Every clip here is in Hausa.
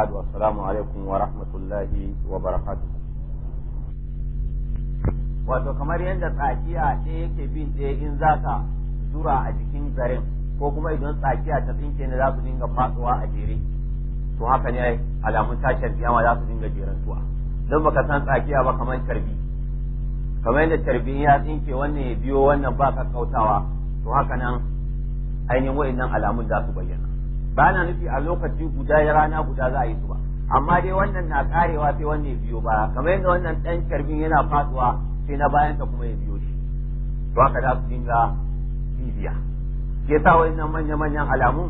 السلام عليكم ورحمة الله وبركاته wato kamar yadda tsakiya ɗaya yake bin ɗaya in za ka zura a jikin zaren ko kuma idan tsakiya ta tsinke ne za su dinga fasuwa a jere to haka ne alamun tashar kiyama za su dinga jerantuwa don baka san tsakiya ba kamar carbi kamar yadda carbi ya tsinke wannan ya biyo wannan ba ka kautawa to haka nan ainihin nan alamun za su bayyana ba na nufi a lokaci guda ya rana guda za a yi su ba amma dai wannan na karewa sai wannan ya biyo ba kamar yadda wannan dan karbin yana faduwa sai na bayan ta kuma ya biyo shi to haka da su dinga bibiya ke sa wayannan manya manyan alamu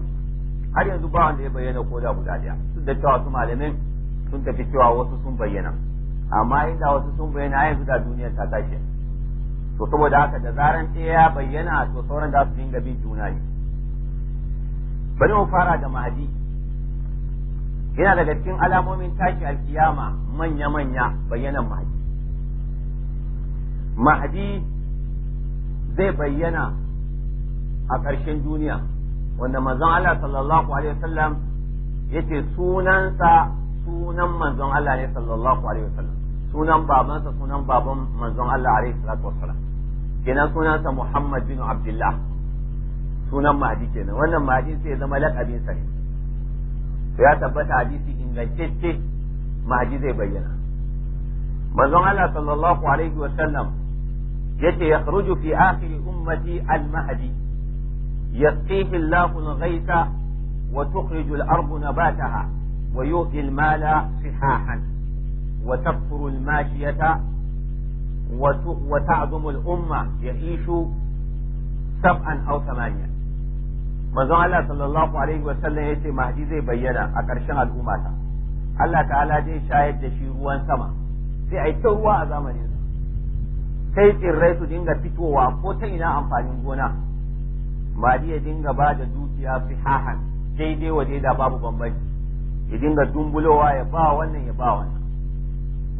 har yanzu ba wanda ya bayyana ko da guda daya duk da cewa su malamin sun tafi cewa wasu sun bayyana amma inda wasu sun bayyana yanzu da duniya ta tashi to saboda haka da zaran ɗaya ya bayyana to sauran da su dinga bin juna ne bari mu fara da mahdi, yana daga cikin alamomin tashi alkiyama manya-manya bayyanan mahdi. Mahdi zai bayyana a ƙarshen duniya wanda manzon Allah sallallahu alaihi wasallam yace sunansa sunan manzon Allah ne sallallahu alaihi wasallam sunan babansa sunan baban manzon Allah alaihi wasallam kenan sunansa Muhammad bin Abdullah sunan mahadi kenan wannan mahadi sai ya zama lakabin sa ne ya tabbata hadisi ingantacce mahadi zai bayyana manzon Allah sallallahu alaihi wa sallam yace yakhruju fi akhir ummati al-mahdi yasqihi Allahu al-ghaytha wa tukhriju al-ardu nabataha wa yu'ti al-mala sihahan wa tabturu al-mashiyata wa ta'zumu al-umma ya'ishu sab'an aw thamaniyah manzon Allah sallallahu alaihi wa sallam yace mahdi zai bayyana a ƙarshen al'umma ta Allah ta'ala zai shayar da shi ruwan sama sai a yi ta ruwa a zamanin sa sai tsirrai su dinga fitowa ko ta ina amfanin gona mahdi ya dinga ba da dukiya fi fihahan daidai wa da babu bambanci ya dinga dumbulowa ya ba wannan ya ba wannan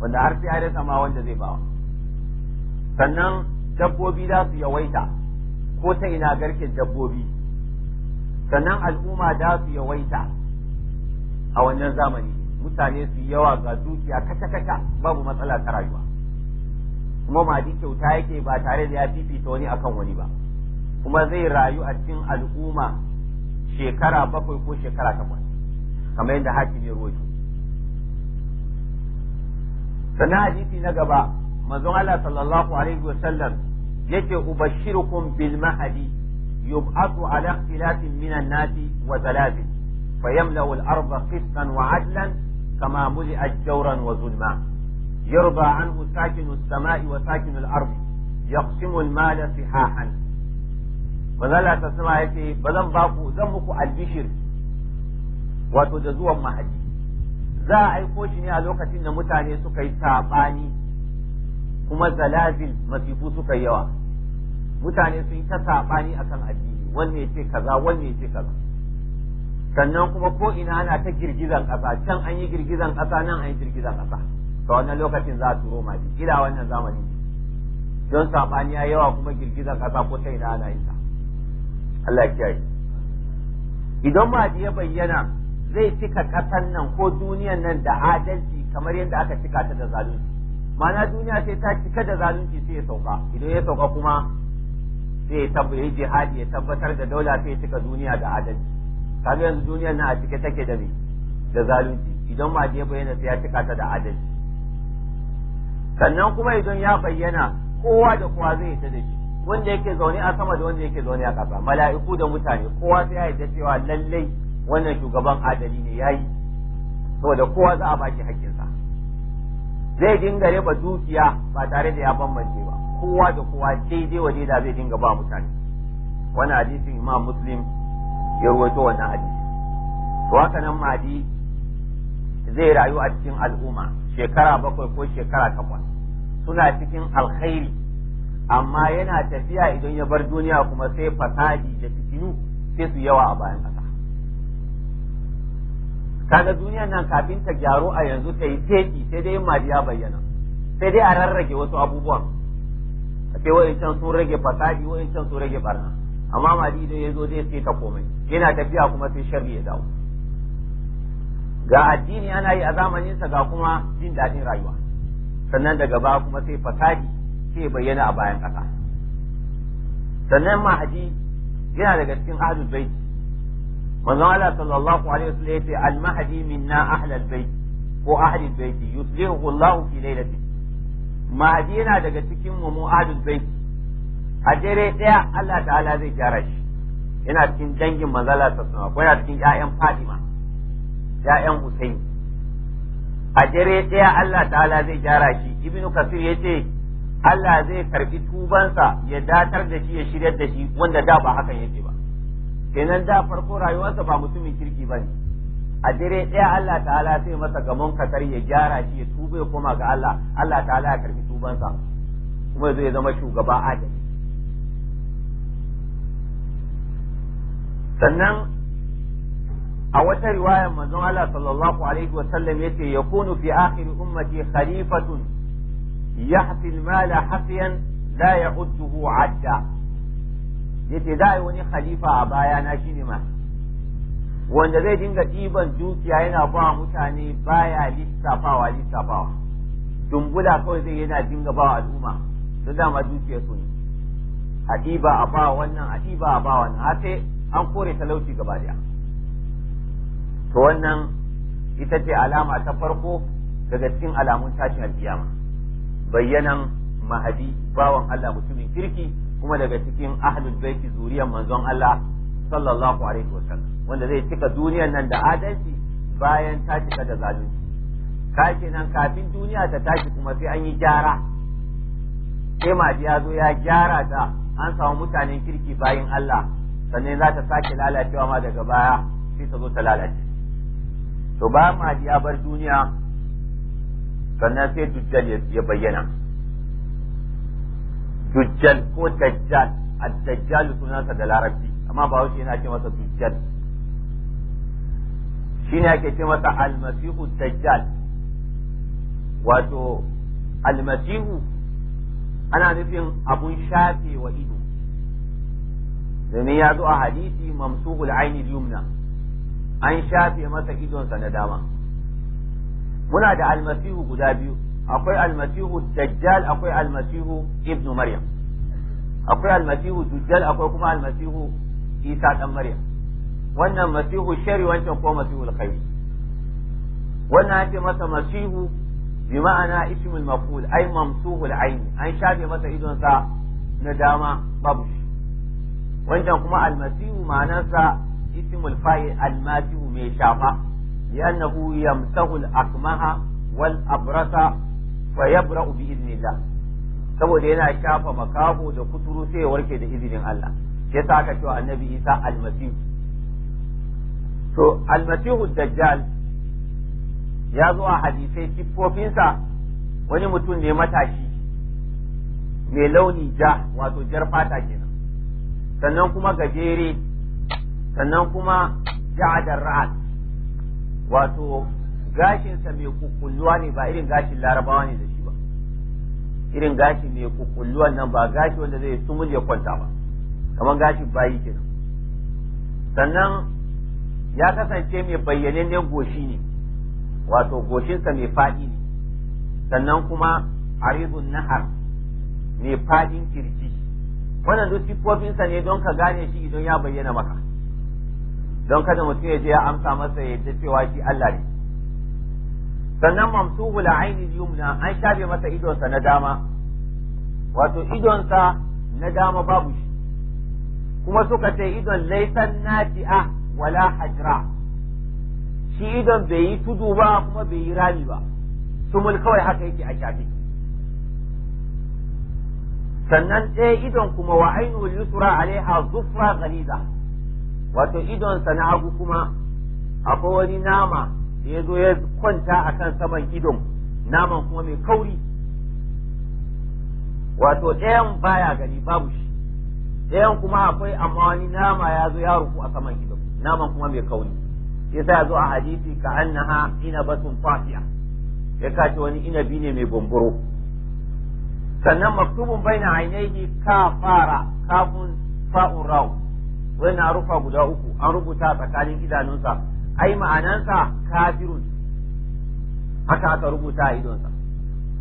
wanda har sai ya rasa ma wanda zai ba sannan dabbobi za su yawaita ko ta ina garken dabbobi sannan al'umma da su yawaita a wannan zamani mutane su yawa ga dukiya kaca-kaca, babu matsala ta rayuwa kuma madi kyauta yake ba tare da ya fifita wani akan wani ba kuma zai rayu a cikin al'umma shekara bakwai ko shekara takwas kamar yadda hakim ne rojo sannan hadisi na gaba manzon Allah sallallahu alaihi wa yake ubashirukum bil mahadi يبعث على اختلاف من الناس وزلازل فيملأ الأرض قسطا وعدلا كما ملئت جورا وظلما يرضى عنه ساكن السماء وساكن الأرض يقسم المال صحاحا وذلا تسمع يتي بلن باكو زمكو البشر وتدزوا مهدي za a aiko shi ne a lokacin da mutane suka yi saɓani kuma zalazil masifu suka yawa mutane sun yi ta saɓani akan addini wanne ya ce kaza wanne ya ce kaza sannan kuma ko ina ana ta girgizan ƙasa can an yi girgizan ƙasa nan an yi girgizan ƙasa ta wannan lokacin za a turo maji ila wannan zamani don saɓani ya yawa kuma girgizan ƙasa ko ta ina ana yin ta Allah ya kiyaye idan maji ya bayyana zai cika ƙasan nan ko duniyan nan da adalci kamar yadda aka cika ta da zalunci ma'ana duniya sai ta cika da zalunci sai ya sauka idan ya sauka kuma zai ya jihadi ya tabbatar da daula sai cika duniya da adalci kaga yanzu duniyar na a cike take da me da zalunci idan ba je bayyana sai ya cika ta da adalci sannan kuma idan ya bayyana kowa da kowa zai yi da shi wanda yake zaune a sama da wanda yake zaune a ƙasa mala'iku da mutane kowa sai ya yarda cewa lallai wannan shugaban adali ne yayi saboda kowa za a baki haƙƙinsa zai dinga riba dukiya ba tare da ya bambance ba kowa da kowa daidai wa da zai dinga ba mutane Wani hadisin imam muslim ya rawaito wannan hadisi to haka nan mahdi zai rayu a cikin al'umma shekara bakwai ko shekara takwas suna cikin alkhairi amma yana tafiya idan ya bar duniya kuma sai fasadi da fitinu sai su yawa a bayan ƙasa kaga duniyan nan kafin ta gyaro a yanzu ta yi teki sai dai mahdi ya bayyana sai dai a rarrage wasu abubuwan a ce wa'ancan sun rage fasadi wa'ancan sun rage barna amma mali idan ya zo zai sai ta komai yana tafiya kuma sai sharri ya dawo ga addini ana yi a sa ga kuma jin daɗin rayuwa sannan daga ba kuma sai fasadi sai bayyana a bayan ƙasa sannan mahdi yana daga cikin ahlul bait manzon Allah sallallahu alaihi wasallam ce al mahdi minna ahlul bait ko ahlul bait yuslihu Allah fi lailatin mahadi yana daga cikin wa mu'adul bayt a dare daya Allah ta'ala zai gyara shi yana cikin dangin manzala ta sunna ko yana cikin ƴaƴan Fatima ƴaƴan Husaini a dare daya Allah ta'ala zai gyara shi ibnu kasir yace Allah zai karbi tubansa ya datar da shi ya shiryar da shi wanda da ba hakan yake ba kenan da farko rayuwarsa ba mutumin kirki bane a dare ɗaya Allah ta'ala sai masa gamon kasar ya gyara shi ya tuba ya koma ga Allah Allah ta'ala ya karbi ubansa kuma ya zo ya zama shugaba adali sannan a wata riwaya manzon Allah sallallahu alaihi wa sallam yace yakunu fi akhir ummati khalifatun yahfi al-mala za la ya'udduhu 'adda yace da wani khalifa a baya na shine ma wanda zai dinga ɗiban dukiya yana ba mutane baya lissafawa lissafawa dumbula kawai zai yana dinga ba al'umma su dama dukiya su ne a a ba wannan a ɗiba a ba wannan har an kore talauci gaba daya to wannan ita ce alama ta farko daga cikin alamun tashin alkiyama bayyanan mahadi bawan Allah mutumin kirki kuma daga cikin ahlul baiti zuriyar manzon Allah sallallahu alaihi wasallam wanda zai cika duniyar nan da adalci bayan ta cika da zalunci ka kenan kafin duniya ta tashi kuma sai an yi gyara sai mahdi ya zo ya gyara ta an samu mutanen kirki bayin Allah sannan za ta sake lalacewa ma daga baya sai ta zo ta lalace to ba mahdi ya bar duniya sannan sai dujjal ya bayyana dujjal ko dajjal a dajjal sunansa da larabci amma ba wuce yana ce masa dujjal shine ake ce masa almasihu dajjal wato almasihu ana nufin abun shafe wa ido domin ya zo a hadisi mamsuhul aini yumna an shafe masa idonsa na dama muna da almasihu guda biyu akwai almasihu dajjal akwai almasihu ibn maryam akwai almasihu dajjal akwai kuma almasihu isa dan maryam wannan masihu shari wancan ko masihu alkhairi wannan ake masa masihu bi ma'ana ismul maf'ul ai mamsuhul aini an shafe masa idonsa na dama babu shi wancan kuma almasihu ma'anarsa ismul fa'il almasihu mai shafa li'annahu yamsahu al-akmaha wal abrasa fa yabra'u bi idnillah saboda yana shafa makaho da kuturu sai ya warke da izinin Allah yasa aka cewa annabi Isa almasihu to almasihu dajjal ya zo a hadisai siffofinsa wani mutum ne matashi mai launi ja wato jar fata kenan sannan kuma gajere sannan kuma ja'adar ra'ad wato gashinsa mai kukulluwa ne ba irin gashin larabawa ne da shi ba irin gashi mai kukulluwa nan ba gashi wanda zai sumul ya kwanta ba kamar gashin bayi kenan sannan ya kasance mai bayyanannen goshi ne wato goshinsa mai faɗi ne sannan kuma aridun nahar mai faɗin kirji wannan duk siffofinsa ne don ka gane shi idan ya bayyana maka don kada mutum ya je ya amsa masa ya ta cewa shi Allah ne sannan mamsuhul aini yumna an shafe masa idonsa na dama wato idonsa na dama babu shi kuma suka ce idon laisan nati'a wala hajra shi idan bai yi tudu ba kuma bai yi rami ba sumul kawai haka yake a kyafi sannan ɗaya idon kuma wa ainihin yusra alaiha zufra ghaliza wato idon sa na hagu kuma akwai wani nama da ya zo ya kwanta a kan saman idon naman kuma mai kauri wato ɗayan baya gani babu shi ɗayan kuma akwai amma wani nama ya zo ya rufu a saman idon naman kuma mai kauri yasa zo a hadisi ka annaha ina basun fasiya ya kace wani inabi ne mai bumburo sannan maktubun baina ainihi ka fara kafun fa'un wani na rufa guda uku an rubuta tsakanin idanunsa ai ma'anansa kafirun haka aka rubuta a idonsa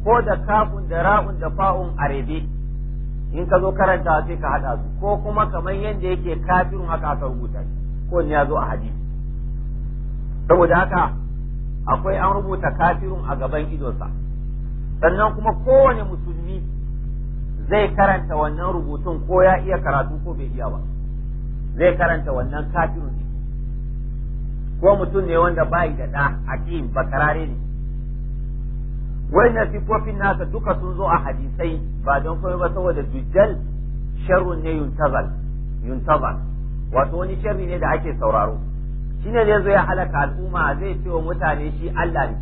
ko da kafun da ra'un da fa'un arebe in ka zo karanta sai ka hada su ko kuma kamar yadda yake kafirun haka aka rubuta ko ne ya zo a hadisi saboda haka akwai an rubuta kafirun a gaban idonsa sannan kuma kowane musulmi zai karanta wannan rubutun ko ya iya karatu ko bai iya ba zai karanta wannan kafirun ne ko mutum ne wanda bai da ɗa a ƙin bakarare ne wannan sifofin nasa duka sun zo a hadisai ba don kome ba saboda dujjal sharrun ne yuntazal yuntazal wato wani sharri ne da ake sauraro shine zai zo ya halaka al'umma zai ce wa mutane shi Allah ne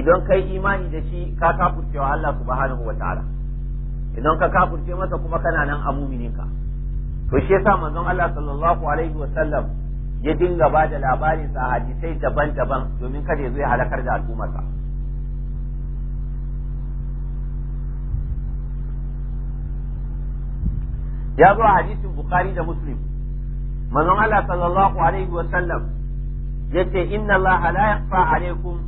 idan kai imani da shi ka kafurce wa Allah subhanahu wa ta'ala idan ka kafurce masa kuma kana nan a mumininka to shi yasa manzon Allah sallallahu alaihi wa sallam ya dinga ba da labarin sa hadisai daban-daban domin kada ya zo ya halakar da al'ummarsa ya zo hadisin Bukhari da Muslim manzon Allah sallallahu alaihi wa sallam yace inna Allah la yakhfa alaikum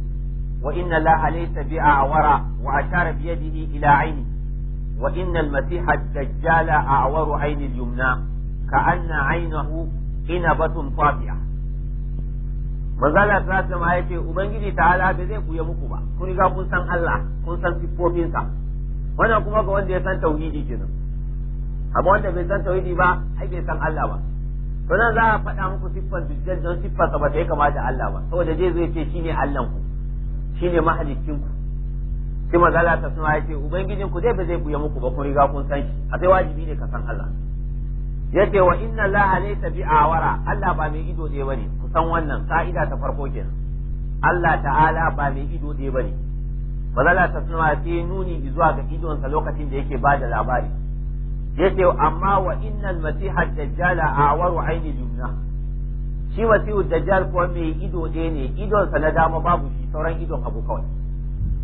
wa inna Allah laysa bi'awara wa ashara bi yadihi ila aini wa inna al-masih ad-dajjal a'waru ayni al-yumna ka'anna aynahu inabatun tabi'a manzon Allah sallallahu alaihi yace ubangiji ta'ala bai zai kuya muku ba kun riga kun san Allah kun san sifofinsa wannan kuma ga wanda ya san tauhidi kenan amma wanda bai san tauhidi ba ai bai san Allah ba to nan za a faɗa muku siffar dujjal don siffar sa ta yi kama da Allah ba saboda zai zai ce shine Allah ku shine mahalikin ku sai manzala ta suna ya ce ubangijin ku dai ba zai buya muku ba kun riga kun san shi a sai wajibi ne ka san Allah Ya ce, wa inna Allah laysa bi awara Allah ba mai ido ɗaya bane ku san wannan ka'ida ta farko kenan Allah ta'ala ba mai ido ɗaya bane manzala ta suna ya ce nuni zuwa ga idonsa lokacin da yake ba da labari yace amma wa innal masiha dajjal awaru aini jumna shi wasiu dajjal ko mai ido ɗaya ne idon sa na dama babu shi sauran idon abu kawai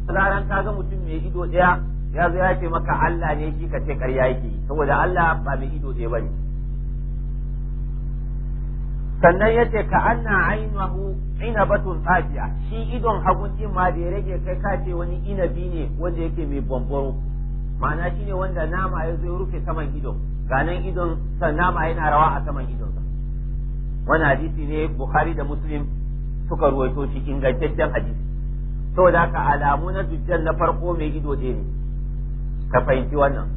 ranar ga mutum mai ido ɗaya ya zo ya maka Allah ne shi ka ce ƙarya yake saboda Allah ba mai ido ɗaya bane sannan yace ka anna ainahu inabatun tsafiya shi idon hagun din ma da ya rage kai ka ce wani inabi ne wanda yake mai bambaro ma'ana shine wanda nama ya zo rufe saman ido ganin idon san nama yana rawa a saman idon wani hadisi ne bukhari da muslim suka ruwaito shi ingantaccen hadisi saboda haka alamu na dujjal na farko mai ido ɗaya ne ka fahimci wannan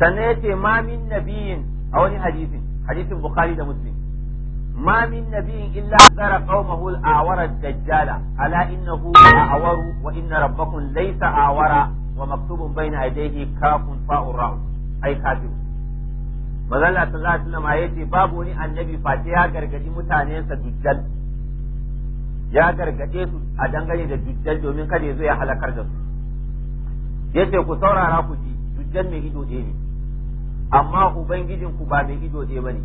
sannan ya ce ma min nabiyin a wani hadisin hadisin bukhari da muslim ما من نبي إلا أنذر قومه الأعور الدجال ألا a'waru wa inna rabbakum laysa awara. wa maktubun bayna aidaihi kafun fa'un ra'u ai kafir manzon sallallahu alaihi wasallam yace babu wani annabi Fati ya gargadi mutanensa dujjal ya gargade su a dangane da dujjal domin kada ya zo ya halakar da su yace ku saurara ku ji dujjal mai ido ne amma ubangijin ku ba mai ido ɗaya bane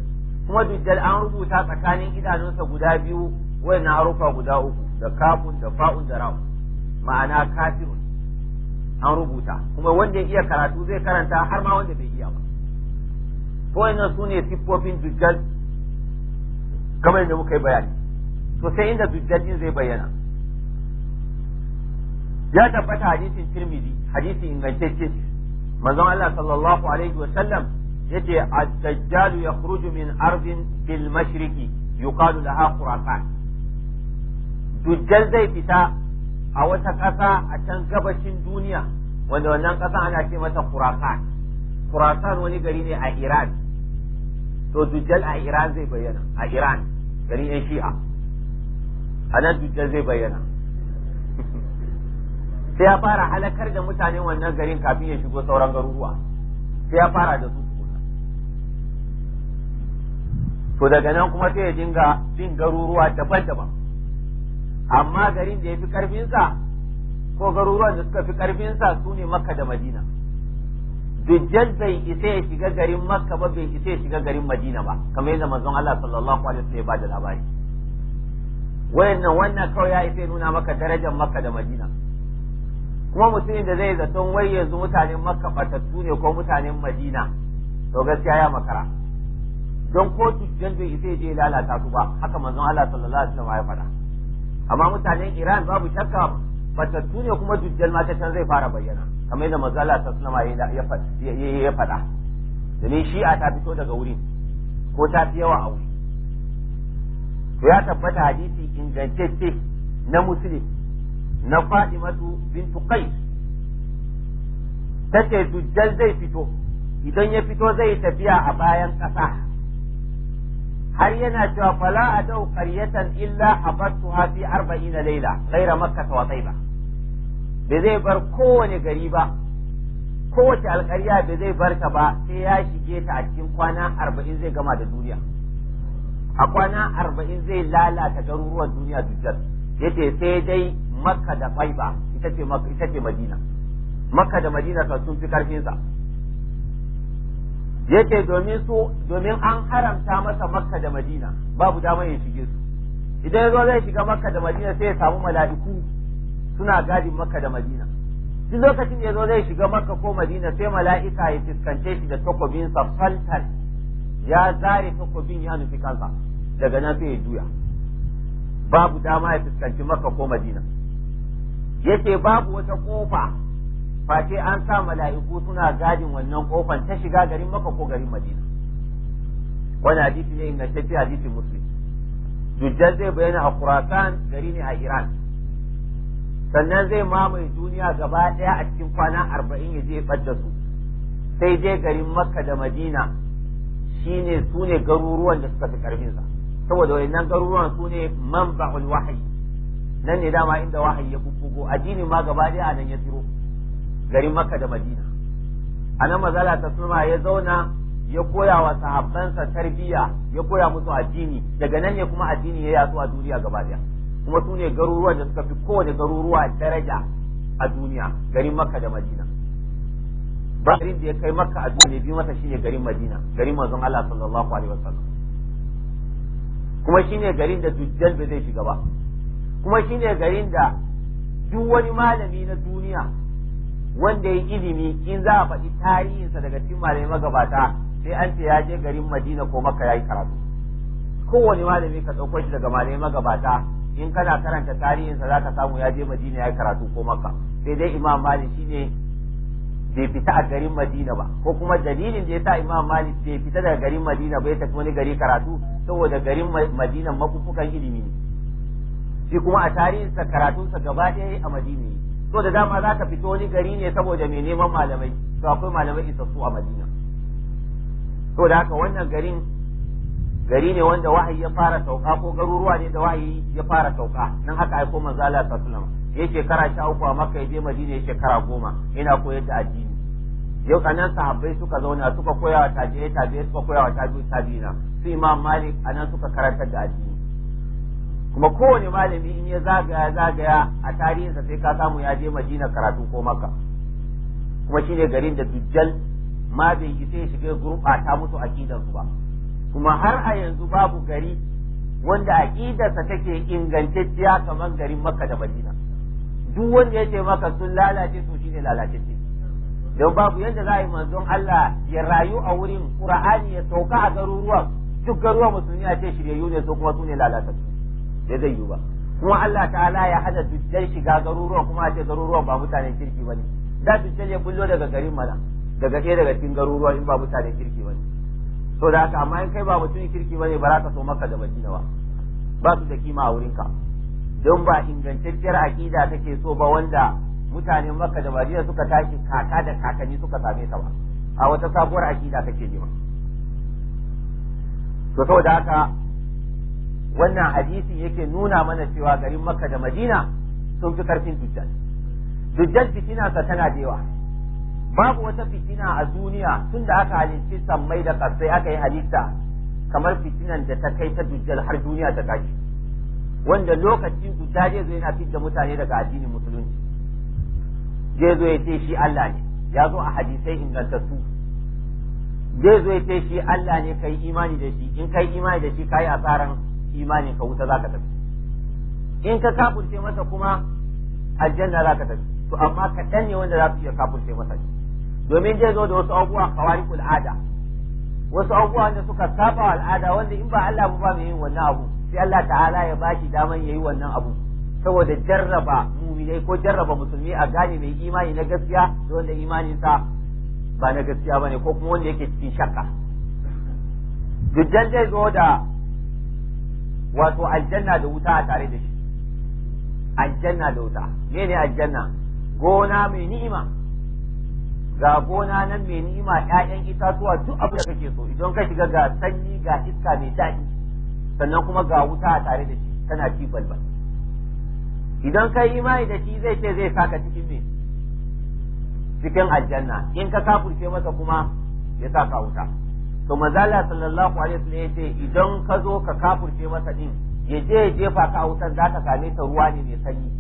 kuma dujjal an rubuta tsakanin idanunsa guda biyu wayannan harufa guda uku da kafun da fa'un da ra'u ma'ana kafirun an rubuta kuma wanda ya iya karatu zai karanta har ma wanda bai iya ba to wannan su ne siffofin dujjal kamar yadda muka yi bayani to sai inda dujjal din zai bayyana ya tabbata hadisin tirmidhi hadisin ingantacce manzon Allah sallallahu alaihi wa sallam yace ad-dajjal yakhruju min ardin bil mashriqi yuqalu laha khurafat dujjal zai fita a wata ƙasa a can gabashin duniya wanda wannan ƙasa ana ce mata kurasan Khurasan wani gari ne a Iran to Dujjal a Iran zai bayyana a Iran gari ne Shi'a a nan Dujjal zai bayyana sai ya fara halakar da mutanen wannan garin kafin ya shigo sauran garuruwa sai ya fara da su to daga nan kuma sai ya dinga bin garuruwa daban-daban amma garin da ya fi ƙarfinsa ko garuruwan da suka fi ƙarfinsa su ne makka da madina Dujjan bai isa ya shiga garin makka ba bai isa ya shiga garin madina ba kamar yadda manzon Allah sallallahu alaihi wasallam ya bada labari wayannan wannan kawai ya isa nuna maka darajar makka da madina kuma mutumin da zai zaton wai yanzu mutanen makka batattu ne ko mutanen madina to gaskiya ya makara don ko Dujjan bai isa ya je lalata su ba haka manzon Allah sallallahu alaihi wasallam ya faɗa amma mutanen Iran babu shakka fatattu ne kuma dujjal ma ta can zai fara bayyana kamar yadda ta suna sallallahu ya faɗa domin shi'a ta fito daga wurin ko ta fi yawa a wuri to ya tabbata hadisi ingantacce na musulmi na Fadimatu bintu Qais tace dujjal zai fito idan ya fito zai tafiya a bayan ƙasa har yana cewa fala dau qaryatan illa habattuha fi laila laila ghaira makkah wa taiba Be zai bar kowane gari ba kowace alƙarya be zai bar ta ba sai ya shige ta a cikin kwana arba'in zai gama da duniya a kwana arba'in zai lalata garuruwan duniya dukkan yace sai dai makka da taiba ita ce ita madina makka da madina sun fi karfin yace domin su domin an haramta masa makka da madina babu dama ya shige su idan zo zai shiga makka da madina sai ya samu mala'iku suna gadin makka da madina duk lokacin da zo zai shiga makka ko madina sai mala'ika ya fiskance shi da takobin sa faltan ya zare takobin ya nufi kansa daga nan sai ya juya babu dama ya fuskanci makka ko madina yace babu wata kofa face an sa mala'iku suna gadin wannan kofan ta shiga garin maka ko garin madina wani hadisi ne tafi hadisi Musulmi. jujjar zai bayyana a kurasan gari ne a iran sannan zai mamaye duniya gaba daya a cikin kwana arba'in ya je ya su sai dai garin makka da madina shine su ne garuruwan da suka fi karfinsa saboda wayannan garuruwan su ne man manba'ul wahayi nan ne dama inda wahayi ya bubbugo addini ma gaba daya a nan ya garin Makka da Madina a nan mazala ta suma ya zauna ya koya wa sahabbansa tarbiyya ya koya musu addini daga nan ne kuma addini ya yaso a duniya gaba daya kuma su ne garuruwa da suka fi kowane garuruwa daraja a duniya garin Makka da Madina ba garin da ya kai Makka a duniya biyu masa shine garin Madina garin manzon Allah sallallahu alaihi wasallam kuma shine garin da dujjal bai zai shiga ba kuma shine garin da duk wani malami na duniya wanda ya ilimi in za a faɗi tarihinsa daga cikin malamai magabata sai an ce ya je garin Madina ko maka ya yi karatu kowane malami ka ɗauko shi daga malamai magabata in kana karanta tarihinsa za ka samu ya je Madina yi karatu ko maka, sai dai Imam Malik ne bai fita a garin Madina ba ko kuma dalilin da ya sa Imam Malik bai fita daga garin Madina ba ya tafi wani gari karatu saboda garin Madina mafufukan ilimi ne shi kuma a tarihinsa karatunsa gaba ɗaya a Madina so da dama za ka fito wani gari ne saboda mai neman malamai to akwai malamai isassu a madina to da haka wannan garin gari ne wanda wahayi ya fara sauka ko garuruwa ne da wahayi ya fara sauka nan haka aiko manzo Allah sallallahu alaihi wasallam ya shekara sha uku a Makka ya je Madina ya shekara goma yana koyar da addini yau anan sahabbai suka zauna suka koya wa tabi'ai tabi'ai suka koya wa tabi'ai tabi'ina su Imam Malik anan suka karantar da addini kuma kowane malami in ya zagaya zagaya a tarihinsa sai ka samu ya je madina karatu ko maka kuma shine garin da dujjal ma bai yi sai shiga gurɓata musu aqidarsu ba kuma har a yanzu babu gari wanda aqidarsa take ingantacciya kamar garin makka da madina duk wanda ya ce maka sun lalace to shine lalatacce don babu yadda za a yi manzon Allah ya rayu a wurin Qur'ani ya sauka a garuruwan duk garuruwan musulmi a ce shiryayyu ne su kuma su ne lalatattu bai zai yi ba kuma Allah ta'ala ya hada dukkan shiga garuruwan kuma a ce garuruwan ba mutane kirki ba ne da dukkan ya bullo daga garin mana daga ɗaya daga cikin garuruwa in ba mutane kirki ba ne to da haka amma in kai ba mutum kirki ba ne ba za ka so maka da madina ba ba su da kima a wurinka don ba ingantacciyar aƙida kake so ba wanda mutane maka da madina suka tashi kaka da kakanni suka same ta ba a wata sabuwar aƙida kake nema to saboda haka wannan hadisin yake nuna mana cewa garin makka da madina sun fi karfin dujjal dujjal fitina sa tana da yawa babu wata fitina a duniya tun da aka halicci sammai da kasai aka yi halitta kamar fitinan da ta kai ta dujjal har duniya ta gaji wanda lokacin dujjal zai zo yana mutane daga addinin musulunci zai zo ya ce shi Allah ne ya zo a hadisai ingantattu zai zo ya ce shi Allah ne kai imani da shi in kai imani da shi kai tsaran. imani ka wuta zaka tafi in ka kafurce masa kuma aljanna zaka tafi to amma kaɗan ne wanda za su iya kafurce masa domin zai zo da wasu abubuwa kawari ada wasu abubuwa da suka saba al'ada wanda in ba Allah ba mai yin wannan abu sai Allah ta'ala ya ba shi daman yayi wannan abu saboda jarraba mu'minai ko jarraba musulmi a gane mai imani na gaskiya da wanda imaninsa ba na gaskiya bane ko kuma wanda yake cikin shakka dujjal zai zo da wato aljanna da wuta a tare da shi aljanna da wuta ne aljanna gona mai ni'ima ga gona nan mai ni'ima ƴaƴan itatuwa duk abin da kake so idan ka shiga ga sanyi ga iska mai daɗi sannan kuma ga wuta a tare da shi tana ci balbal idan ka yi imani da shi zai ce zai saka cikin me cikin aljanna in ka kafurce masa kuma ya saka wuta to mazala sallallahu alaihi wasallam ce idan ka zo ka kafurce masa din ya je ya jefa ka a wutan ka same ta ruwa ne mai sanyi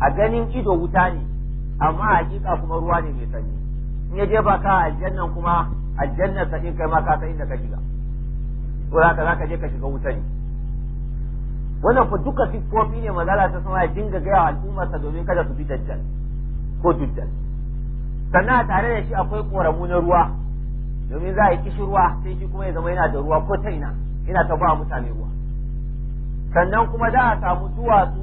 a ganin ido wuta ne amma a hakika kuma ruwa ne mai sanyi in ya jefa ka a aljannan kuma aljannan sa kai ma ka san inda ka shiga ko za zaka je ka shiga wuta ne wannan fa duka siffofi ne mazala ta sama ya dinga gaya wa al'ummarsa domin kada su bi dajjal ko dajjal sannan a tare da shi akwai ƙoramu na ruwa domin za a yi kishirwa sai shi kuma ya zama yana da ruwa ko ta ina yana ta ba mutane ruwa sannan kuma da a samu duwatsu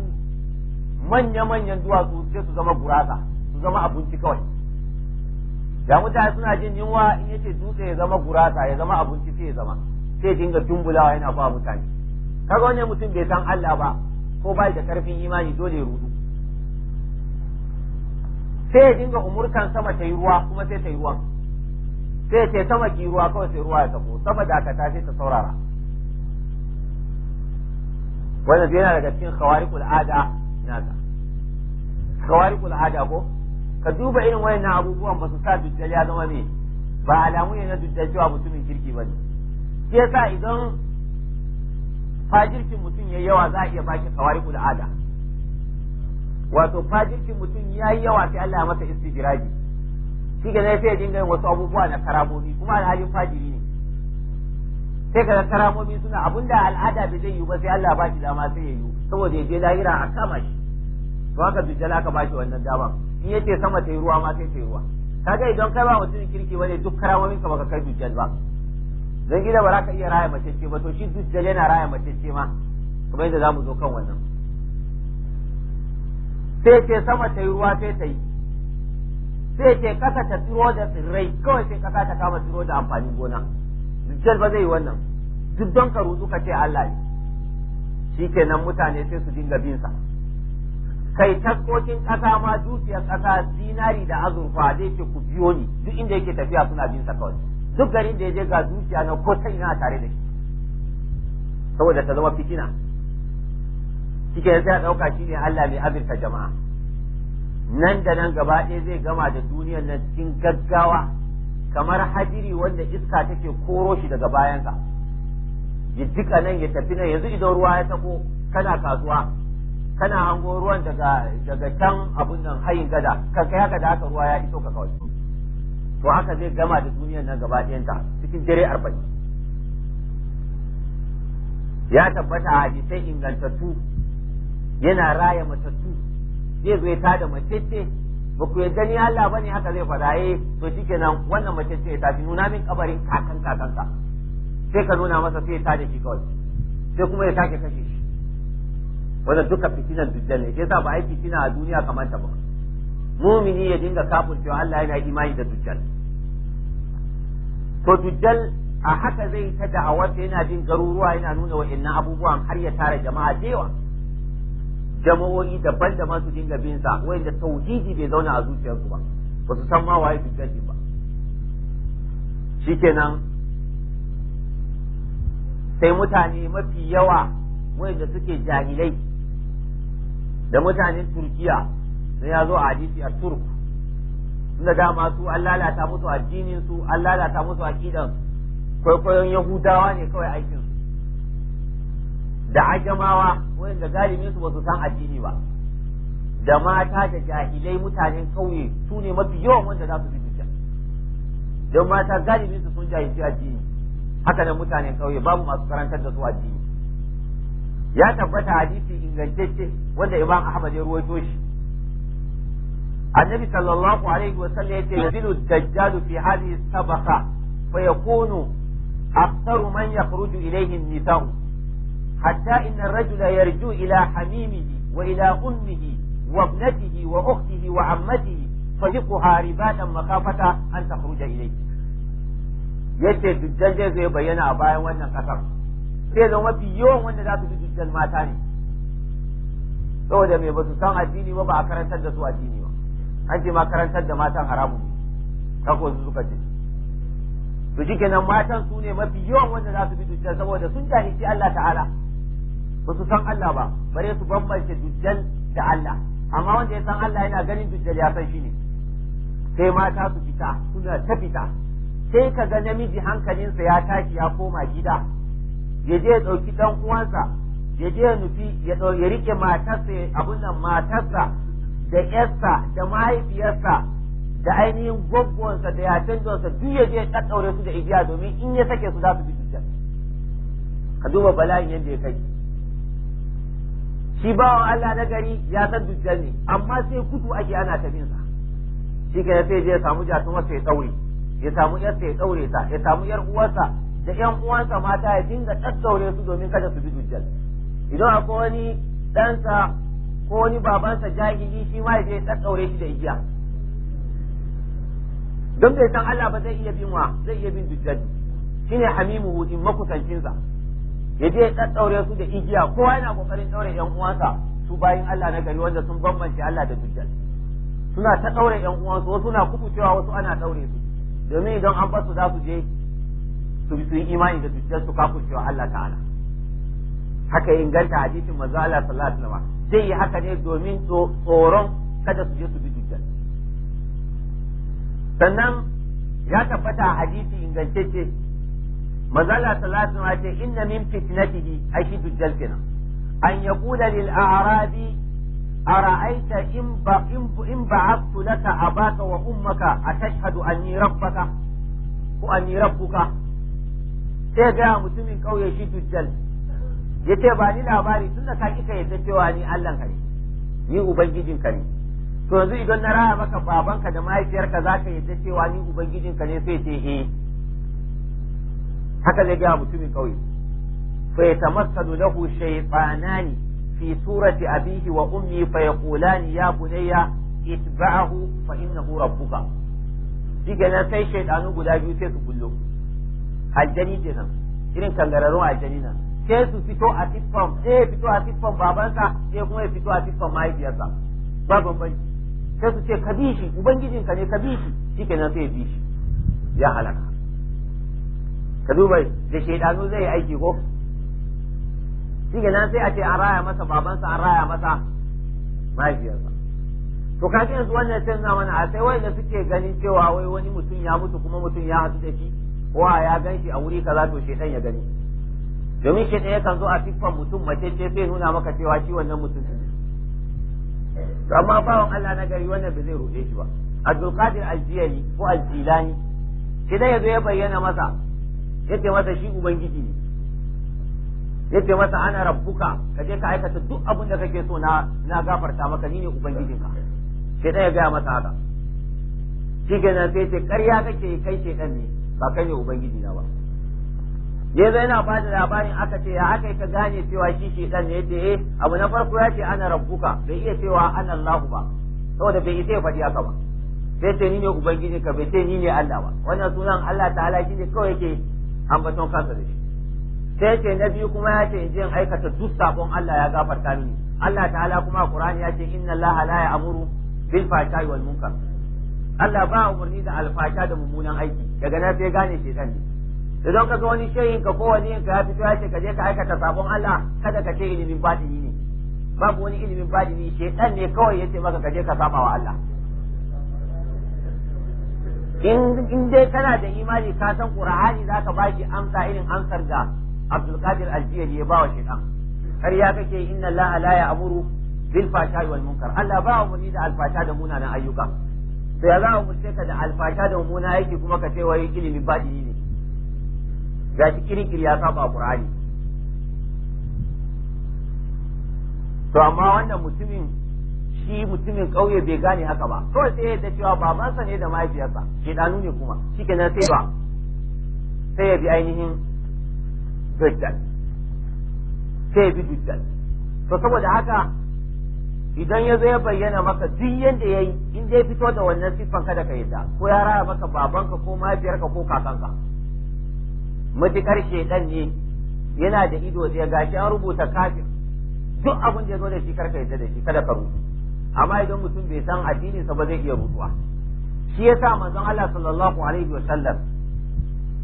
manya-manyan duwatsu sai su zama gurasa su zama abinci kawai da mutane suna jin yunwa in yace dutse ya zama gurasa ya zama abinci sai ya zama sai dinga dumbulawa yana ba mutane kaga wani mutum bai san Allah ba ko bai da karfin imani dole ya rudu sai ya dinga umurkan sama ta yi ruwa kuma sai ta yi ruwan sai ce ta maki ruwa kawai sai ruwa ya sama saboda aka tashi ta saurara wanda zai yana daga cikin khawariqul ada naka khawariqul ada ko ka duba irin wayannan abubuwan ba su sa dujjal ya zama ne ba alamu ne na dujjal cewa mutumin kirki bane shi yasa idan fajirkin mutum ya yawa za a iya baki khawariqul ada wato fajirkin mutum ya yi yawa sai Allah ya masa istijraji shi ga sai ya dinga wasu abubuwa na karamomi kuma alhalin fajiri ne sai ga karamomi suna da al'ada bai zai yi ba sai Allah ba shi dama sai ya yi saboda ya je lahira a kama shi to haka bijjala ka ba shi wannan dama in yace sama ta yi ruwa ma sai ta yi ruwa kaga idan kai ba mutum kirki bane duk karamomin ka baka kai bijjal ba zan gida ba za ka iya raya mace ce ba to shi bijjal yana raya mace ce ma kamar yadda zamu zo kan wannan sai ce sama ta yi ruwa sai ta yi sai ce kasa ta tsiro da tsirrai kawai sai kasa ta kama tsiro da amfanin gona dujjal ba zai yi wannan duk don ka rutu ka ce Allah ne shi nan mutane sai su dinga bin sa kai taskokin kasa ma dukiyar kasa zinari da azurfa da yake ku biyo ni duk inda yake tafiya suna bin sa kawai duk garin da ya je ga dukiya na ko ta ina tare da shi saboda ta zama fitina shike sai a shi ne Allah mai azurta jama'a nan da nan gaba ɗaya zai gama da duniyar nan cikin gaggawa kamar hadiri wanda iska take koro shi daga bayanka ya jika nan ya tafi nan yanzu idan ruwa ya tako kana kasuwa kana hango ruwan daga can abun nan hayin gada ka kai haka da haka ruwa ya iso ka kawai to haka zai gama da duniyar nan gaba ɗayanta cikin dare arba'in ya tabbata a hadisai ingantattu yana raya matattu zai zo ya tada macece ba ku yarda ni Allah bane haka zai faɗa ya eh, to shikenan wannan macece ya tafi nuna min kabarin kakan kakanka sai ka nuna masa sai ya tada shi kawai sai kuma ya sake kashe shi wannan duka fitinan dujjal ne sai sa ba aiki fitina a duniya kamar ta ba mumini ya dinga kafin cewa Allah yana imani da dujjal to dujjal a haka zai ta da'awarsa yana jin garuruwa yana nuna wa'annan abubuwan har ya tara jama'a da jama'o'i daban da su dinga bin sa wanda tauhidi bai zauna a zuciyarsu ba ba su san ma waye dujjal ba shikenan sai mutane mafi yawa wanda suke jahilai da mutanen turkiya sai ya zo a hadisi a turk da dama su an lalata musu addinin su an lalata musu akidan kwaikwayon yahudawa ne kawai aikin da ajamawa wanda galibin su basu san addini ba da mata da jahilai mutanen kauye su ne mafi yawan wanda za su bi dukiya don mata galibin su sun jahilci addini haka da mutanen kauye babu masu karantar da su addini ya tabbata hadisi ingantacce wanda imam ahmad ya ruwaito shi النبي صلى الله عليه وسلم ينزل الدجال في هذه الطبقة فيكون أكثر من يخرج إليه النساء hatta inna rajula yarju ila hamimihi wa ila ummihi wa ibnatihi wa ukhtihi wa ammatihi fadiquha ribatan makafata an takhruja ilayhi yace dujjal zai zo bayyana a bayan wannan kasar sai zama mafi yawan wanda za su fi dujjal mata ne saboda mai ba su san addini ba ba a karantar da su addini ba an ce ma karantar da matan haramun kako su suka ce Su shi kenan matan su ne mafi yawan wanda za su bi dukiyar saboda sun jahilci Allah ta'ala ba su san Allah ba bare su bambance dujjal da Allah amma wanda ya san Allah yana ganin dujjal ya san shi ne sai mata su fita suna ta fita sai ka ga namiji hankalinsa ya tashi ya koma gida ya je ya ɗauki ɗan uwansa ya je ya nufi ya rike matarsa abun nan matarsa da yarsa da mahaifiyarsa da ainihin gwaggwansa da yatandonsa duk ya je ya ɗaɗɗaure su da igiya domin in ya sake su za su fi dujjal ka duba bala'in yadda ya kai shi ba wa Allah na gari ya san dujjal ne amma sai kudu ake ana ta binsa sa shi ke sai je ya samu jatun wasa ya daure ya samu yarsa ya daure ta ya samu yar uwarsa da yan uwansa mata ya dinga tattaure su domin kada su bi dujjal idan akwai wani ɗansa ko wani babansa jahili shi ma ya je ya tattaure shi da igiya don bai san Allah ba zai iya bin wa zai iya bin dujjal shine hamimu in makusancinsa ya je ya daddaure su da igiya kowa yana kokarin daure yan uwansa su bayin Allah na gari wanda sun bambance Allah da dujjal suna ta daure yan uwansu wasu na kubucewa wasu ana daure su domin idan an basu za su je su yi imani da dujjal su kafurcewa Allah ta'ala haka inganta hadisin manzo Allah sallallahu alaihi zai yi haka ne domin tsoron kada su je su bi dujjal sannan ya tabbata hadisi ingantacce mazala salatu ma ce inna min fitnatihi ai shi dujjal kenan an yaqula lil a'rabi ara'aita in ba in ba'athu laka abaka wa ummaka atashhadu anni rabbaka ko anni rabbuka sai ga mutumin kauye shi dujjal yace ba ni labari tunda ka kika yadda cewa ni Allah ka ne ni ubangijin ka ne to yanzu idan na raya maka babanka da mahaifiyarka zaka yadda cewa ni ubangijin ka ne sai ce eh haka zai gaya mutumin kauye fa yatamassalu lahu shaytanani fi surati abihi wa ummi fa yaqulani ya bunayya itba'ahu fa innahu rabbuka shikenan sai shaytanu guda biyu sai su bullo aljani nan irin kangararrun aljani nan sai su fito a tiffan sai fito a tiffan babansa sai kuma ya fito a tiffan mahaifiyarsa ba bambanci sai su ce ka bi shi ubangijinka ne ka bi shi Shi shikenan sai ya bi shi ya halaka ka duba da shaidanu zai aiki ko shi nan sai a ce an raya masa babansa an raya masa mahaifiyarsa to ka ji yanzu wannan sai na mana a sai da suke ganin cewa wai wani mutum ya mutu kuma mutum ya hasu da shi ko ya gan shi a wuri kaza to shaidan ya gani domin shaidan yakan zo a siffan mutum mace ce sai nuna maka cewa shi wannan mutum to amma bawan Allah na gari wannan ba zai ruɗe shi ba Abdul Qadir al-Jilani ko Aljilani shaidan ya zo ya bayyana masa yace masa shi ubangiji ne yace masa ana rabbuka ka je ka aikata duk abin da kake so na na gafarta maka ni ne ubangijinka sai dai ya gaya masa haka shi kenan sai ce ƙarya kake kai ce dan ne ba kai ne ubangiji na ba ya zai yana ba da labarin aka ce ya haka ka gane cewa shi shi dan ne yace eh abu na farko ya ce ana rabbuka bai iya cewa ana Allahu ba saboda bai isa ya faɗi haka ba sai ce ni ne ubangijinka bai ce ni ne Allah ba wannan sunan Allah ta'ala shi ne kawai yake ambaton kansa da shi sai ce na biyu kuma ya ce in aikata duk sabon Allah ya gafarta mini Allah ta'ala kuma Qur'ani ya ce inna Allah la ya'muru bil fahsha'i wal munkar Allah ba umarni da alfasha da mummunan aiki daga nan sai gane dan ne idan ka ga wani shehin ka ko wani ka ya fito ya ce ka je ka aikata sabon Allah kada ka ce ilimin badini ne babu wani ilimin badini shedan ne kawai yace maka ka je ka saba wa Allah in dai kana da imani ka san qur'ani zaka baki amsa irin amsar da abdul qadir al-jiyari ya bawa har ya kake inna allaha la ya'muru bil fasha wal munkar Allah ba mu ni da alfasha da munanan ayyuka to ya za mu ka da alfasha da muna yake kuma ka ce wai ba dini ne ga shi kiri ya saba qur'ani to amma wannan mutumin shi mutumin ƙauye bai gane haka ba kawai sai yadda cewa babansa ne da mahaifiyarsa ɗanu ne kuma nan sai ba sai ya bi ainihin dujjal sai ya bi dujjal to saboda haka idan ya zo ya bayyana maka duk yadda ya yi in ya fito da wannan siffan kada ka yadda ko ya raya maka babanka ko mahaifiyarka ko kakanka karshe shedan ne yana da ido sai gashi an rubuta kafin duk abin da ya zo da shi karka yadda da shi kada ka rubuta amma idan mutum bai san addinin sa ba zai iya rutuwa shi yasa manzon Allah sallallahu alaihi wa sallam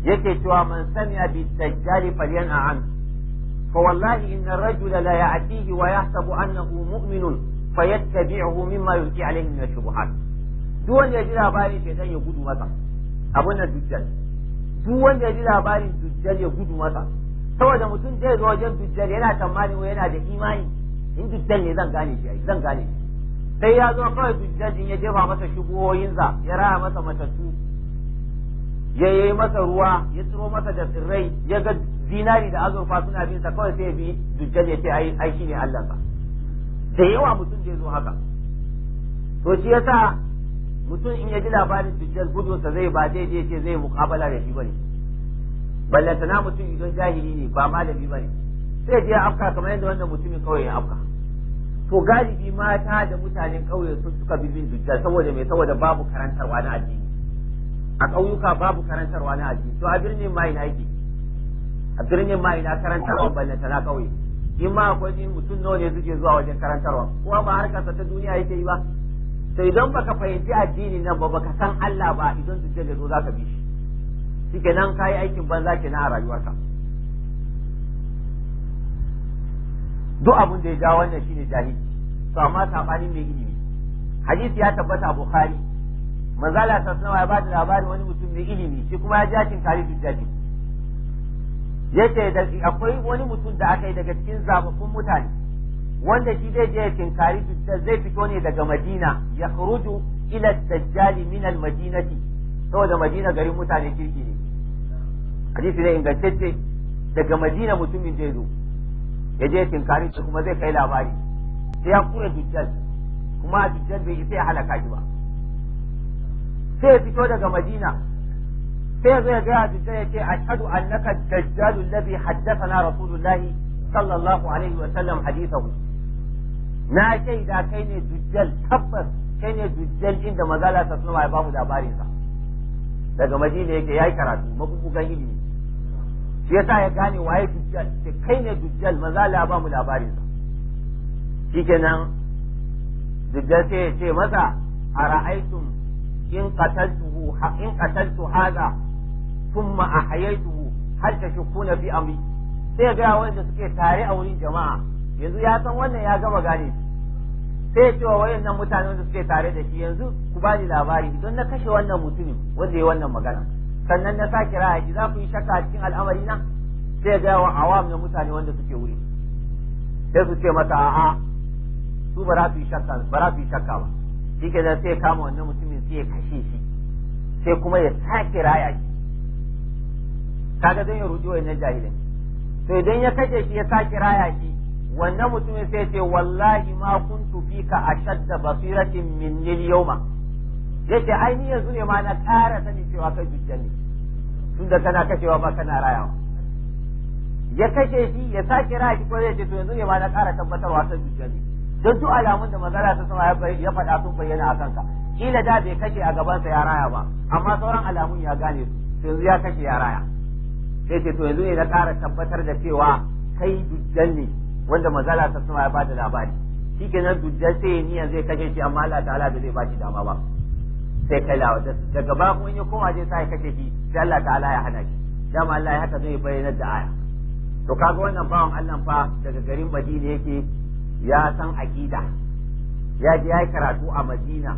yake cewa man sami bi dajjali falyan an fa wallahi inna rajula la ya'tihi wa yahsabu annahu mu'minun fayattabi'uhu mimma yulqi alayhi min shubuhat duk wanda ya ji labarin shaitan ya gudu masa abun nan dukkan duk wanda ya ji labarin dukkan ya gudu masa saboda mutum zai zo wajen dukkan yana tsammani yana da imani in dukkan ne zan gane shi zan gane shi sai ya zo kawai dujjajin ya jefa masa shubuhoyinsa ya raya masa matattu ya yi masa ruwa ya tsiro masa da tsirrai ya ga zinari da azurfa suna bin sa kawai sai ya bi dujjal ya ce ai ne Allah ba da yawa mutum zai zo haka to shi yasa mutum in ya ji labarin dujjal gudunsa zai ba zai je ce zai mukabala da shi bane na mutum idan jahili ne ba malami bane sai je afka kamar yadda wannan mutumin kawai ya afka to galibi mata da mutanen ƙauye sun suka bi bin dujjal saboda mai saboda babu karantarwa na addini a ƙauyuka babu karantarwa na addini to a birnin ma ina yake a birnin ma ina karantarwa balle ta na ƙauye in ma akwai mutum nawa ne suke zuwa wajen karantarwa ko ba harkarsa ta duniya yake yi ba sai idan baka fahimci addini nan ba baka san Allah ba idan dujjal ya zo zaka bi shi shikenan kai aikin banza kenan a rayuwarka duk abin da ya ja wannan shine jahili to amma sabani mai ilimi hadisi ya tabbata bukhari manzo Allah sallallahu ya bada labarin wani mutum mai ilimi shi kuma ya jakin tarihi jahili yake da akwai wani mutum da aka yi daga cikin zabakun mutane wanda shi zai je yakin kare zai fito ne daga Madina ya khuruju ila dajjali min al madinati saboda Madina garin mutane kirki ne hadisi ne ingantacce daga Madina mutumin zai zo ya je tinkari shi kuma zai kai labari sai ya kura dujjal kuma dujjal bai isa ya halaka shi ba sai ya fito daga madina sai ya zo ya gaya dujjal ya ce ashhadu annaka dajjalu alladhi haddathana rasulullahi sallallahu alaihi wa sallam hadithahu na shaida kai ne dujjal tabbas kai ne dujjal inda mazala ta sallama ya bamu labarin sa daga madina yake yayi karatu mabubugan ilimi shi sa ya gane waye dujjal ce kai ne dujjal maza la ba mu labarin sa shikenan dujjal sai ya ce masa a ara'aytum in qataltuhu in qataltu hadha thumma ahyaytuhu hal tashkuna bi amri sai ga wanda suke tare a wurin jama'a yanzu ya san wannan ya gama gane sai cewa wayannan mutane da suke tare da shi yanzu ku bani labari idan na kashe wannan mutumin wanda ya wannan magana sannan na sake raya shi za ku yi shakka cikin al'amari na sai ga wa awam na mutane wanda suke wuri sai su ce masa a'a su ba za su yi shakka ba za su yi shakka ba shi ke sai ya kama wannan mutumin sai ya kashe shi sai kuma ya sake raya shi kaga zan ya rujuwa na jahilai to idan ya kashe shi ya sake raya shi wannan mutumin sai ce wallahi ma kuntu fika ashadda basiratin yau yawma yake aini ai ni yanzu ne ma na ƙara sani cewa kai dujjal ne da kana kashewa ba kana rayawa ya kashe shi ya sake raya shi ko zai ce to yanzu ne ma na ƙara tabbatarwa kai dujjal ne don duk alamun da manzara ta sama ya faɗa sun bayyana a kanka kila da bai kashe a gabansa ya raya ba amma sauran alamun ya gane su yanzu ya kashe ya raya sai ce to yanzu ne na ƙara tabbatar da cewa kai dujjal ne wanda manzara ta sama ya bada labari shi kenan dujjan sai niyan zai kashe shi amma Allah ta'ala da zai ba shi dama ba sai kai lawa daga babu in ya koma je sai kace shi sai Allah ta'ala ya hana shi dama Allah ya haka zai bayyana da aya to kaga wannan bawan Allah fa daga garin Madina yake ya san aqida ya je ya karatu a Madina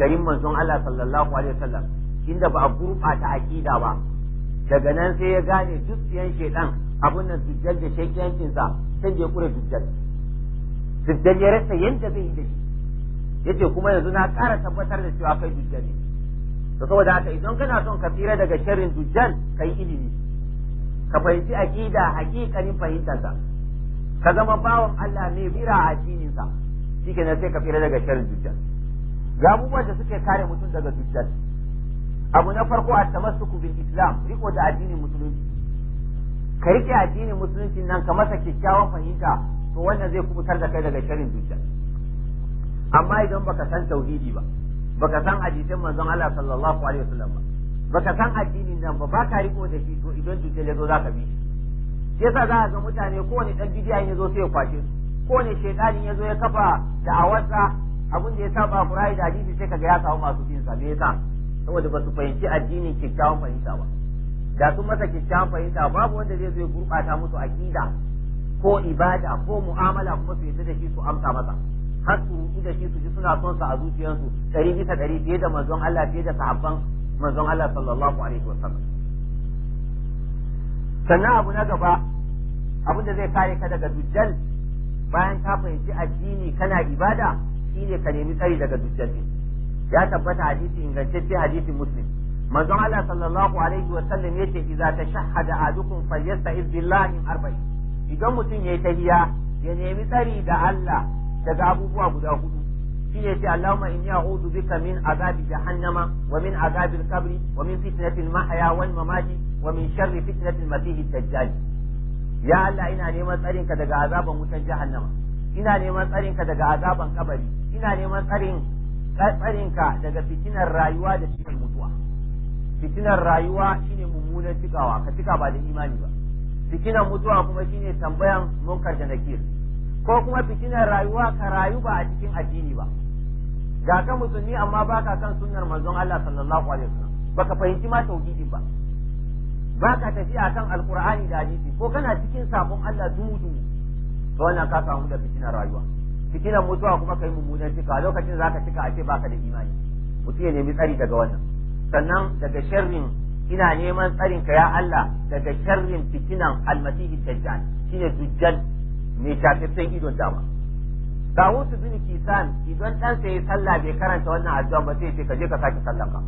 garin manzon Allah sallallahu alaihi wasallam inda ba a gurɓata aqida ba daga nan sai ya gane dutsiyan shedan abun nan dujjal da shekiyancin sa sai ya kure dujjal dujjal ya rasa yanda zai yi da shi yace kuma yanzu na ƙara tabbatar da cewa kai dujja ne to saboda haka idan kana son ka tsira daga sharrin ka kai ilimi ka fahimci aqida haƙiƙanin sa ka zama bawan Allah ne bira a addininsa shikenan sai ka tsira daga sharrin dujjan ga abubuwan da suke kare mutum daga dujjan abu na farko a tamassuku bil islam riko da addinin musulunci ka rike addinin musulunci nan ka masa kyakkyawan fahimta to wannan zai kubutar da kai daga sharrin dujjan amma idan baka san tauhidi ba baka san hadisin manzon Allah sallallahu alaihi wasallam ba baka san addinin nan ba baka riko da shi to idan cutar ya zo zaka bi shi yasa za ga mutane kowane dan bidiya ne zo sai ya kwace su kowane shedani ya zo ya kafa da da'awarsa abin da ya saba Qur'ani da hadisi sai kaga ya samu masu bin sa me yasa saboda ba su fahimci addinin kyakkyawan fahimta ba da sun masa kyakkyawan fahimta babu wanda zai zo ya gurbata musu aqida ko ibada ko mu'amala kuma su yadda da shi su amsa masa jiki da shi su ji suna son sa a zuciyarsu ɗari bisa ɗari fiye da manzon Allah fiye da sahabban manzon Allah sallallahu alaihi wa sallam sannan abu na gaba abin da zai kare ka daga dujjal bayan ka fahimci addini kana ibada shine ka nemi tsari daga dujjal din ya tabbata hadisi ingantacce hadisi muslim manzon Allah sallallahu alaihi wa sallam yace idza tashahhada ahadukum falyasta'iz billahi arba'in idan mutum yayi tahiya ya nemi tsari da Allah daga abubuwa guda hudu shi ya ce Allahumma inni a'udhu bika min azabi jahannama wa min azabi al wa min fitnati mahaya mahya wal mamati wa min sharri fitnati al-masih ad-dajjal ya Allah ina neman tsarin ka daga azaban wutan jahannama ina neman tsarin ka daga azaban kabari ina neman tsarin tsarin ka daga fitinar rayuwa da cikin mutuwa fitinar rayuwa shine mummunan cikawa ka cika ba da imani ba fitinar mutuwa kuma shine tambayan munkar da nakir ko kuma fitinar rayuwa ka rayu ba a cikin addini ba ga ka musulmi amma ba ka kan sunnar manzon Allah sallallahu alaihi wasallam ka fahimci ma tauhidi ba Ba baka tafiya kan alqur'ani da hadisi ko kana cikin sabon Allah dudu to wannan ka samu da fitinar rayuwa fitinar mutuwa kuma kai mummunan cika lokacin zaka cika a ce baka da imani mutum ya nemi tsari daga wannan sannan daga sharrin ina neman tsarin ka ya Allah daga sharrin fitinan almasihi dajjal shine dujjal mai shafiffen idon dama ga wasu bin kisan idan dan sai sallah bai karanta wannan addu'a ba sai ce ka je ka sake sallan ka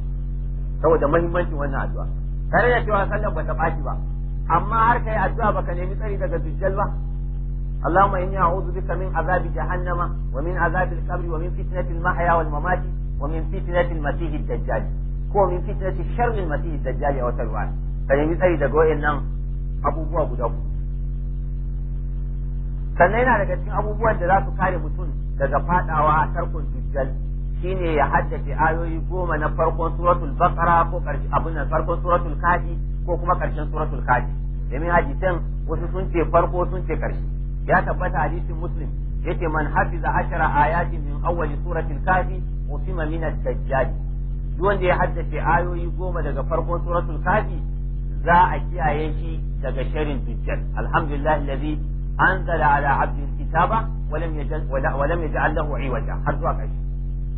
saboda muhimmancin wannan addu'a tare da cewa sallan ba ta ɓaci ba amma har kai addu'a baka nemi tsari daga dujjal ba min azabi أعوذ wa min azabil جهنم wa min fitnatil mahya wal المحيا wa min fitnatil المسيح dajjal ko min fitnati sharri al-masih ad-dajjal aw tarwan kan mi tsari daga wayannan abubuwa guda uku sannan yana daga cikin abubuwan da za su kare mutum daga fadawa a tarkon dujjal shine ya haddace ayoyi goma na farkon suratul bakara ko karshe abin nan farkon suratul kafi ko kuma karshen suratul kafi domin hadisan wasu sun ce farko sun ce karshe ya tabbata hadisin muslim yace man hafiza ashara ayatin min awwal suratul kafi usima min ad-dajjal duk wanda ya haddace ayoyi goma daga farkon suratul kafi za a kiyaye shi daga sharrin dujjal alhamdulillah alladhi anzala ala abdin kitaba walam yajal walam yaj'al lahu iwaja har zuwa kashi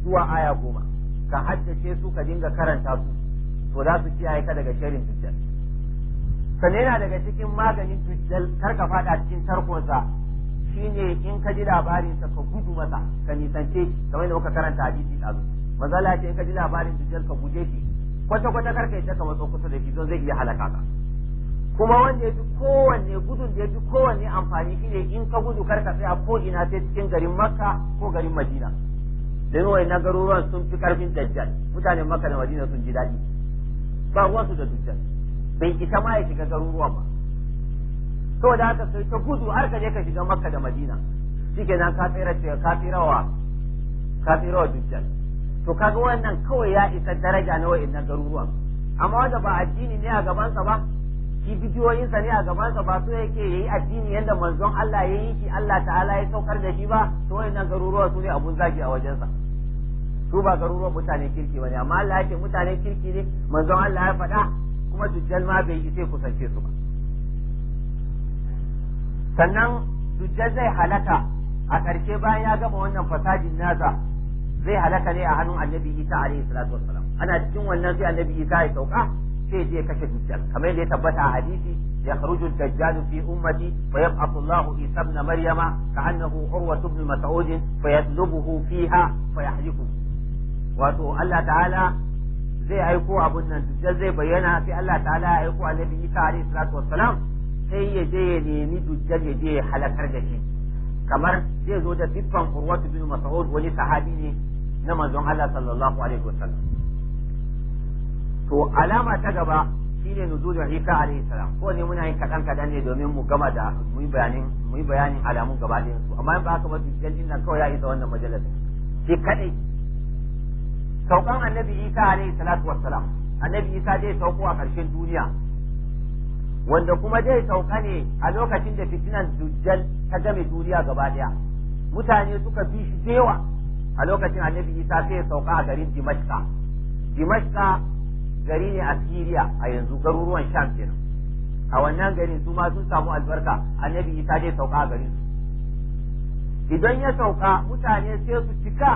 zuwa aya goma ka haddace su ka dinga karanta su to za su kiyaye ka daga sharrin dujjal sannan yana daga cikin maganin dujjal kar ka fada cikin tarkonsa shine in ka ji labarinsa ka gudu masa ka nisance shi kamar da muka karanta hadisi ɗazu mazala ce in ka ji labarin dujjal ka guje shi kwata kwata kar ka yi ta ka matso kusa da shi don zai iya halaka kuma wanda ya fi kowanne gudun da ya fi kowanne amfani ne in ka gudu kar ka tsaya ko ina sai cikin garin makka ko garin madina domin wai na garuruwan sun fi karfin dajjal mutanen makka da madina sun ji daɗi ba ruwansu da dajjal bai isa ma ya shiga garuruwan ba to da haka sai ka gudu har ka je ka shiga makka da madina nan ka tsira ce ka tsirawa ka tsirawa dajjal to kaga wannan kawai ya isa daraja na na garuruwan amma wanda ba addini ne a gabansa ba shi bidiyoyinsa ne a gabansa ba so yake yayi addini yadda manzon Allah ya yi shi Allah ta'ala ya saukar da shi ba to wayannan garuruwa su ne abun zaki a wajensa su ba garuruwan mutane kirki bane amma Allah ya mutane kirki ne manzon Allah ya faɗa kuma dujjal ma bai yi sai kusance su ba sannan dujjal zai halaka a ƙarshe bayan ya gama wannan fasadin nasa zai halaka ne a hannun annabi Isa alaihi salatu wassalam ana cikin wannan sai annabi Isa ya sauka sai je kashe dujjal kamar yadda ya tabbata a hadisi ya kharuju dajjal fi ummati fa yab'athu Allahu Isa ibn Maryama ka'annahu Urwa ibn Mas'ud fa yadlubuhu fiha fa yahliku wato Allah ta'ala zai aiko abun nan dujjal zai bayyana sai Allah ta'ala ya aiko annabi Isa alaihi salatu wassalam sai ya je ya nemi dujjal ya je ya halakar da shi kamar zai zo da siffan Urwa ibn Mas'ud wani sahabi ne na manzon Allah sallallahu alaihi wasallam to alama ta gaba shine nuzulul isa alayhi salam ko ne muna yin kadan kadan ne domin mu gama da mu yi bayanin mu yi bayanin alamun gaba da su amma in ba haka ba su jin nan kawai ya isa wannan majalisa shi kadai saukan annabi isa alayhi salatu wassalam annabi isa zai sauko a karshen duniya wanda kuma zai sauka ne a lokacin da fitinan dujjal ta game duniya gaba daya mutane suka bi shi dewa a lokacin annabi isa sai ya sauka a garin dimashka dimashka gari ne a Syria a yanzu garuruwan Sham kenan a wannan garin su ma sun samu albarka annabi Isa dai sauka a garin su idan ya sauka mutane sai su cika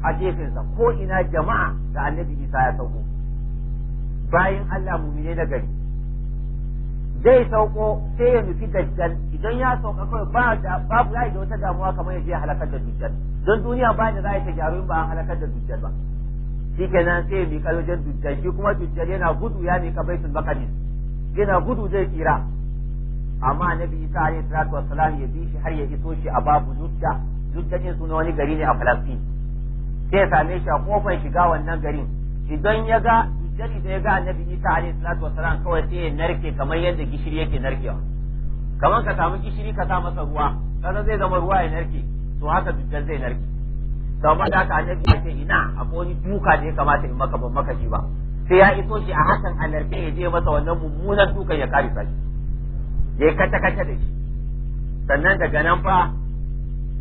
a gefensa ko ina jama'a da annabi Isa ya sauko bayan Allah mu na gari zai sauko sai ya nufi dajjal idan ya sauka kawai babu ya da wata damuwa kamar ya je halakar da don duniya ba da za ta gyaru ba an halakar da dujjal ba shikenan sai mi kalwajen dujjal shi kuma dujjal yana gudu ya ka baitul baqaris yana gudu zai tsira amma annabi Isa alayhi salatu wassalam ya bi shi har ya iso shi a babu zudda zudda ne suna wani gari ne a Falastin sai ya same shi a kofar shiga wannan garin idan ya ga dujjali da ya ga annabi Isa alayhi salatu wassalam kawai sai ya narke kamar yadda gishiri yake narkewa kamar ka samu gishiri ka sa masa ruwa kaza zai zama ruwa ya narke to haka dujjal zai narke to da haka annabi ya ina akwai wani duka da ya kamata in maka ban maka shi ba sai ya iso shi a hakan alarfe ya je masa wannan mummunan dukan ya karisa shi ya kata kata da shi sannan daga nan fa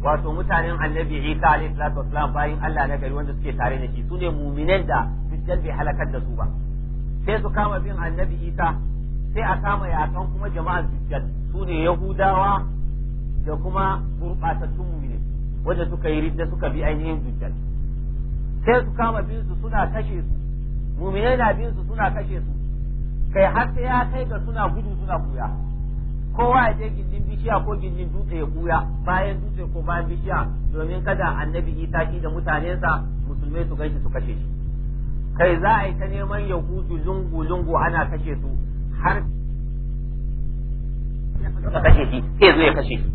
wato mutanen annabi Isa alayhi salatu wassalam bayin Allah na gari wanda suke tare da shi su ne mu'minan da dukkan bai halakar da su ba sai su kama bin annabi Isa sai a kama yakan kuma jama'a dukkan su ne Yahudawa da kuma gurbatattun wanda suka yi rijiya suka bi ainihin dujjal sai su kama bin su suna kashe su muminai na bin su suna kashe su kai har sai ya kai ga suna gudu suna kuya kowa ya je gindin bishiya ko gindin dutse ya kuya bayan dutse ko bayan bishiya domin kada annabi isa shi da mutanensa musulmai su ganshi su kashe shi kai za a yi ta neman ya hutu lungu lungu ana kashe su har suka kashe shi sai zo ya kashe shi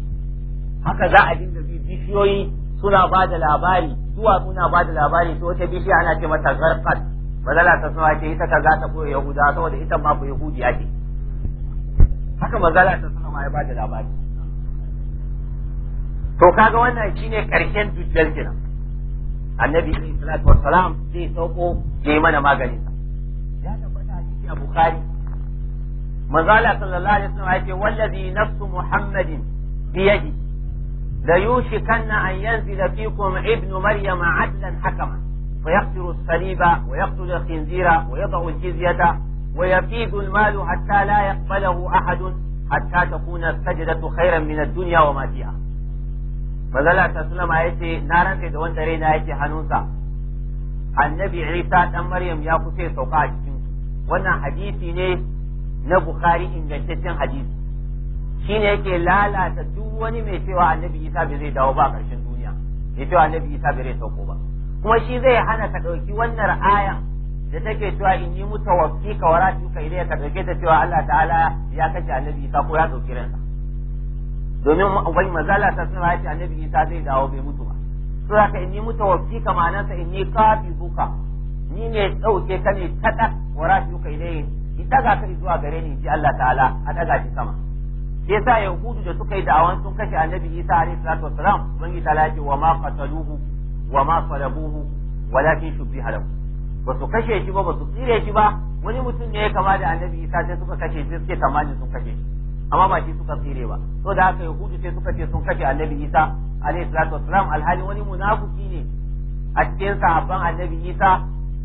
haka za a dinga bishiyoyi suna ba da labari zuwa suna ba da labari to wata bishiya ana ce mata zarqat mazala ta sama ce ita ka za ta koyo yahuda saboda ita ma ku yahudiya ce haka mazala ta sama ya ba da labari to kaga wannan shine karshen dujjal jira. annabi sallallahu alaihi wasallam zai sauko ya mana maganin ya tabbata a cikin bukhari manzala sallallahu alaihi wasallam yake wallazi nafsu muhammadin biyadi ليوشكن أن ينزل فيكم ابن مريم عدلا حكما فيقتل الصليب ويقتل الخنزير ويضع الجزية ويفيد المال حتى لا يقبله أحد حتى تكون السجدة خيرا من الدنيا وما فيها فذلا تسلم آيتي نارا في دوان ترين آيتي حنوسا النبي عيسى دم مريم يا كتير سوقات وانا حديثي ne na Bukhari ingantaccen hadisi Shi ne yake lalata duk wani mai cewa annabi isa bai zai dawo ba a ƙarshen duniya mai cewa annabi isa bai zai sauko ba kuma shi zai hana ka ɗauki wannan ayan da take cewa in yi muta wafi ka wara tuka ilayya ka ɗauke ta cewa Allah ta'ala ya kashe annabi isa ko ya ɗauki ransa domin wani mazala ta suna ya ce annabi isa zai dawo bai mutu ba Su ka in yi muta wafi ka ma'anarsa in yi kafi buka ni ne ɗauke ka ne kaɗa wara tuka ilayya ita ga kai zuwa gare ni ji Allah ta'ala a ɗaga shi sama shi yasa yahudu da suka yi da'awan sun kashe annabi isa alaihi salatu wassalam ubangiji yi lafi wa ma qataluhu wa ma salabuhu walakin shubbiha lahu ba su kashe shi ba ba su tsire shi ba wani mutum ne ya kama da annabi isa sai suka kashe shi suke tamanin sun kashe shi amma ba shi suka tsire ba so da haka yahudu sai suka ce sun kashe annabi isa alaihi salatu wassalam alhali wani munafiki ne a cikin sahabban annabi isa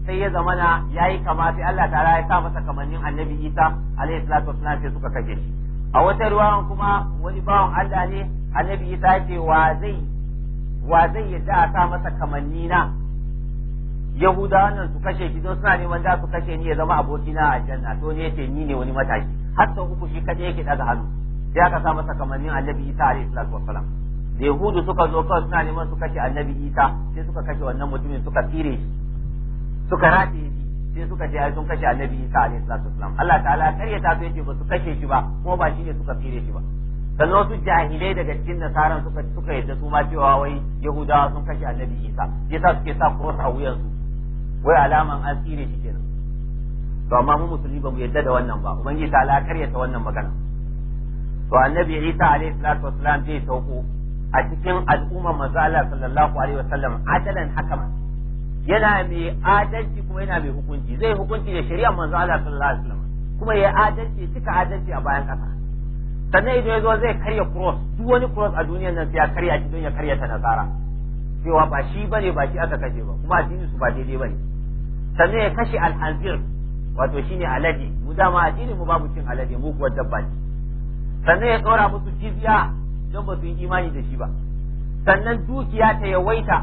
sai ya zamana yayi kama sai Allah ta'ala ya sa masa kamannin annabi isa alaihi salatu wassalam sai suka kashe shi a wata ruwan kuma wani bawan Allah ne annabi isa ce wa zai wa zai yadda a sa masa kamanni na yahudawa wannan su kashe shi don suna neman za su kashe ni ya zama abokina a aljanna to ne yace ni ne wani mataki har sau uku shi kaje yake daga hannu sai aka sa masa kamannin annabi isa alayhi salatu wassalam da yahudu suka zo kawai suna neman su kashe annabi isa sai suka kashe wannan mutumin suka tsire shi suka rataye sai suka ce ai sun kashe annabi Isa alaihi salatu wasalam Allah ta'ala kare ta yace ba su kashe shi ba kuma ba shine suka fire shi ba sannan wasu jahilai daga cikin nasaran suka suka yadda su ma cewa wai yahudawa sun kashe annabi Isa yasa suke sa cross a wuyan su wai alaman an tsire shi kenan to amma mu musulmi ba mu yadda da wannan ba ubangiji ala kare ta wannan magana to annabi Isa alaihi salatu wasalam zai sauko a cikin al'ummar manzo Allah sallallahu alaihi wasallam adalan hakaman yana mai adalci kuma yana mai hukunci zai hukunci da shari'a manzo Allah sallallahu alaihi wasallam kuma ya adalci cika adalci a bayan kasa sannan idan ya zo zai karya cross duk wani cross a duniyar nan sai ya karya shi don ya karya ta nasara cewa ba shi bane ba shi aka kashe ba kuma addinin su ba daidai bane sannan ya kashe al'anzir wato shine alade mu dama addinin mu babu cin alade mu kuwa dabba ne sannan ya tsora musu jizya don ba su yi imani da shi ba sannan dukiya ta yawaita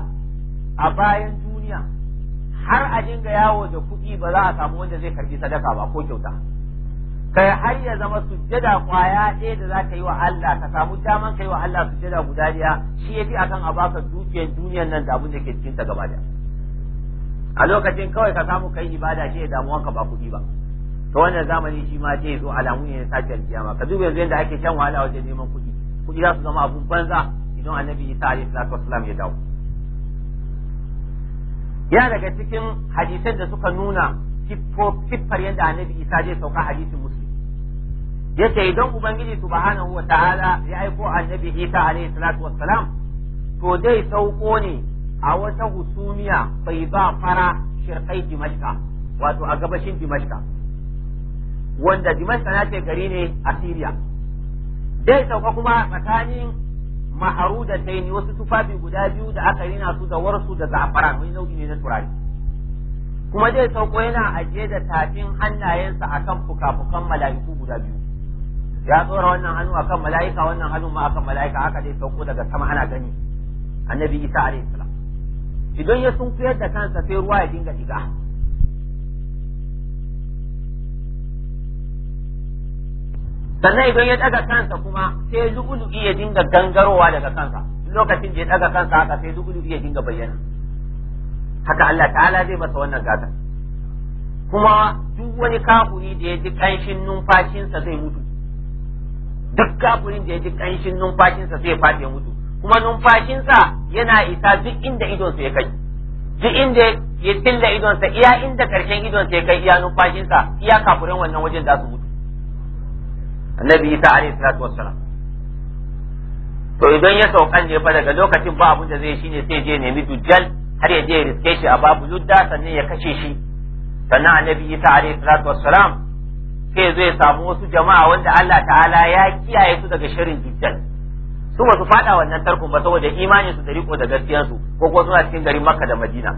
a bayan duniya har a dinga yawo da kuɗi ba za a samu wanda zai karbi sadaka ba ko kyauta kai har ya zama sujjada kwaya ɗaya da za ka yi wa Allah ka samu daman ka yi wa Allah sujjada guda ɗaya shi yafi akan a baka dukiyar duniyar nan da abin da ke cikin ta gaba a lokacin kawai ka samu kai ibada shi ya damu wanka ba kuɗi ba to wannan zamani shi ma zai zo alamu ne na sake kiyama ka duba yanzu yanda ake shan wahala wajen neman kuɗi kuɗi za su zama abun banza idan annabi Isa alaihi salatu ya dawo ya daga cikin hadisai da suka nuna siffar yadda annabi isa zai sauka hadisin Ya yace idan ubangiji subhanahu wataala ya aiko annabi isa alaihi salatu wassalam to zai sauko ne a wata husumiya bai ba fara shirkai dimashka wato a gabashin dimashka wanda dimashka na ce gari ne a siriya zai sauka kuma tsakanin ma'aruda ne wasu tufafi guda biyu da aka rina su da warsu da za'afaran wani nau'i ne na turare kuma zai sauko yana ajiye da tafin hannayensa akan fuka-fukan mala'iku guda biyu ya tsora wannan hannu akan mala'ika wannan hannu ma akan mala'ika haka zai sauko daga sama ana gani annabi isa alaihi salam idan ya sunkuyar da kansa sai ruwa ya dinga diga sannan idan ya daga kansa kuma sai lu'ulu'i ya dinga gangarowa daga kansa lokacin da ya daga kansa haka sai lu'ulu'i ya dinga bayyana haka Allah ta'ala zai masa wannan gata kuma duk wani kafuri da ya ji kanshin numfashinsa zai mutu duk kafurin da ya ji kanshin numfashinsa zai fadi ya mutu kuma numfashinsa yana isa duk inda idonsa ya kai duk inda ya tilla idonsa iya inda karshen idonsa ya kai iya numfashinsa iya kafurin wannan wajen za su mutu annabi isa alaihi salatu wassalam to idan ya saukan ne fa daga lokacin ba abun da zai shine sai je nemi dujjal har ya je riske shi a babu ludda sannan ya kashe shi sannan annabi isa alaihi salatu wassalam sai zai samu wasu jama'a wanda Allah ta'ala ya kiyaye su daga shirin dujjal su ba su fada wannan tarkon ba saboda imanin su da riko da gaskiyar su ko kuma suna cikin garin Makka da Madina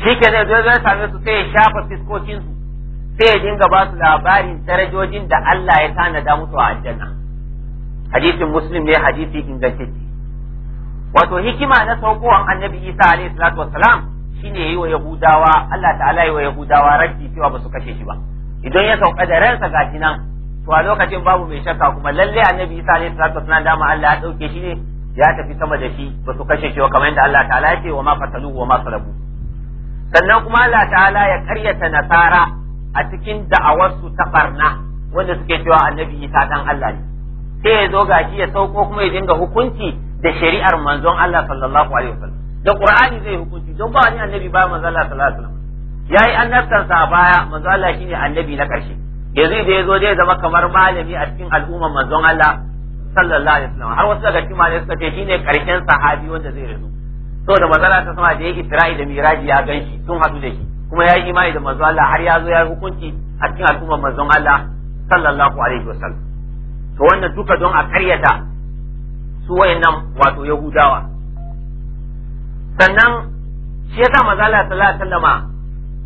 shi ke zai zo zai same su sai ya shafa fiskokin su sai ya dinga ba su labarin darajojin da Allah ya tanada musu a aljanna hadisin muslim ne hadisi ingantacce wato hikima na saukowan annabi isa alaihi salatu wassalam shine yayi wa yahudawa Allah ta'ala yayi wa yahudawa raddi cewa ba su kashe shi ba idan ya sauka da ransa ga nan to a lokacin babu mai shakka kuma lalle annabi isa alaihi salatu wassalam dama Allah ya dauke shi ne ya tafi sama da shi ba su kashe shi ba kamar yadda Allah ta'ala ya ce wa ma fatalu wa ma salabu sannan kuma Allah ta'ala ya karyata nasara a cikin da'awarsu ta barna wanda suke cewa annabi isa dan Allah ne sai ya zo gashi ya sauko kuma ya dinga hukunci da shari'ar manzon Allah sallallahu alaihi wasallam da qur'ani zai hukunci don ba wani annabi ba manzon Allah sallallahu alaihi wasallam yayi annabtansa sa baya manzon Allah shine annabi na karshe yanzu da ya zo zai zama kamar malami a cikin al'ummar manzon Allah sallallahu alaihi wasallam har wasu daga cikin malamai suka ce shine karshen sahabi wanda zai rasu to da manzon Allah ta sama da yake Isra'i da Miraji ya ganshi sun hadu da shi kuma ya yi imani da manzo Allah har ya zo ya yi hukunci a cikin al'ummar manzon Allah sallallahu alaihi wasallam to wannan duka don a karyata su wayannan wato yahudawa sannan shi yasa manzo Allah sallallahu alaihi wasallama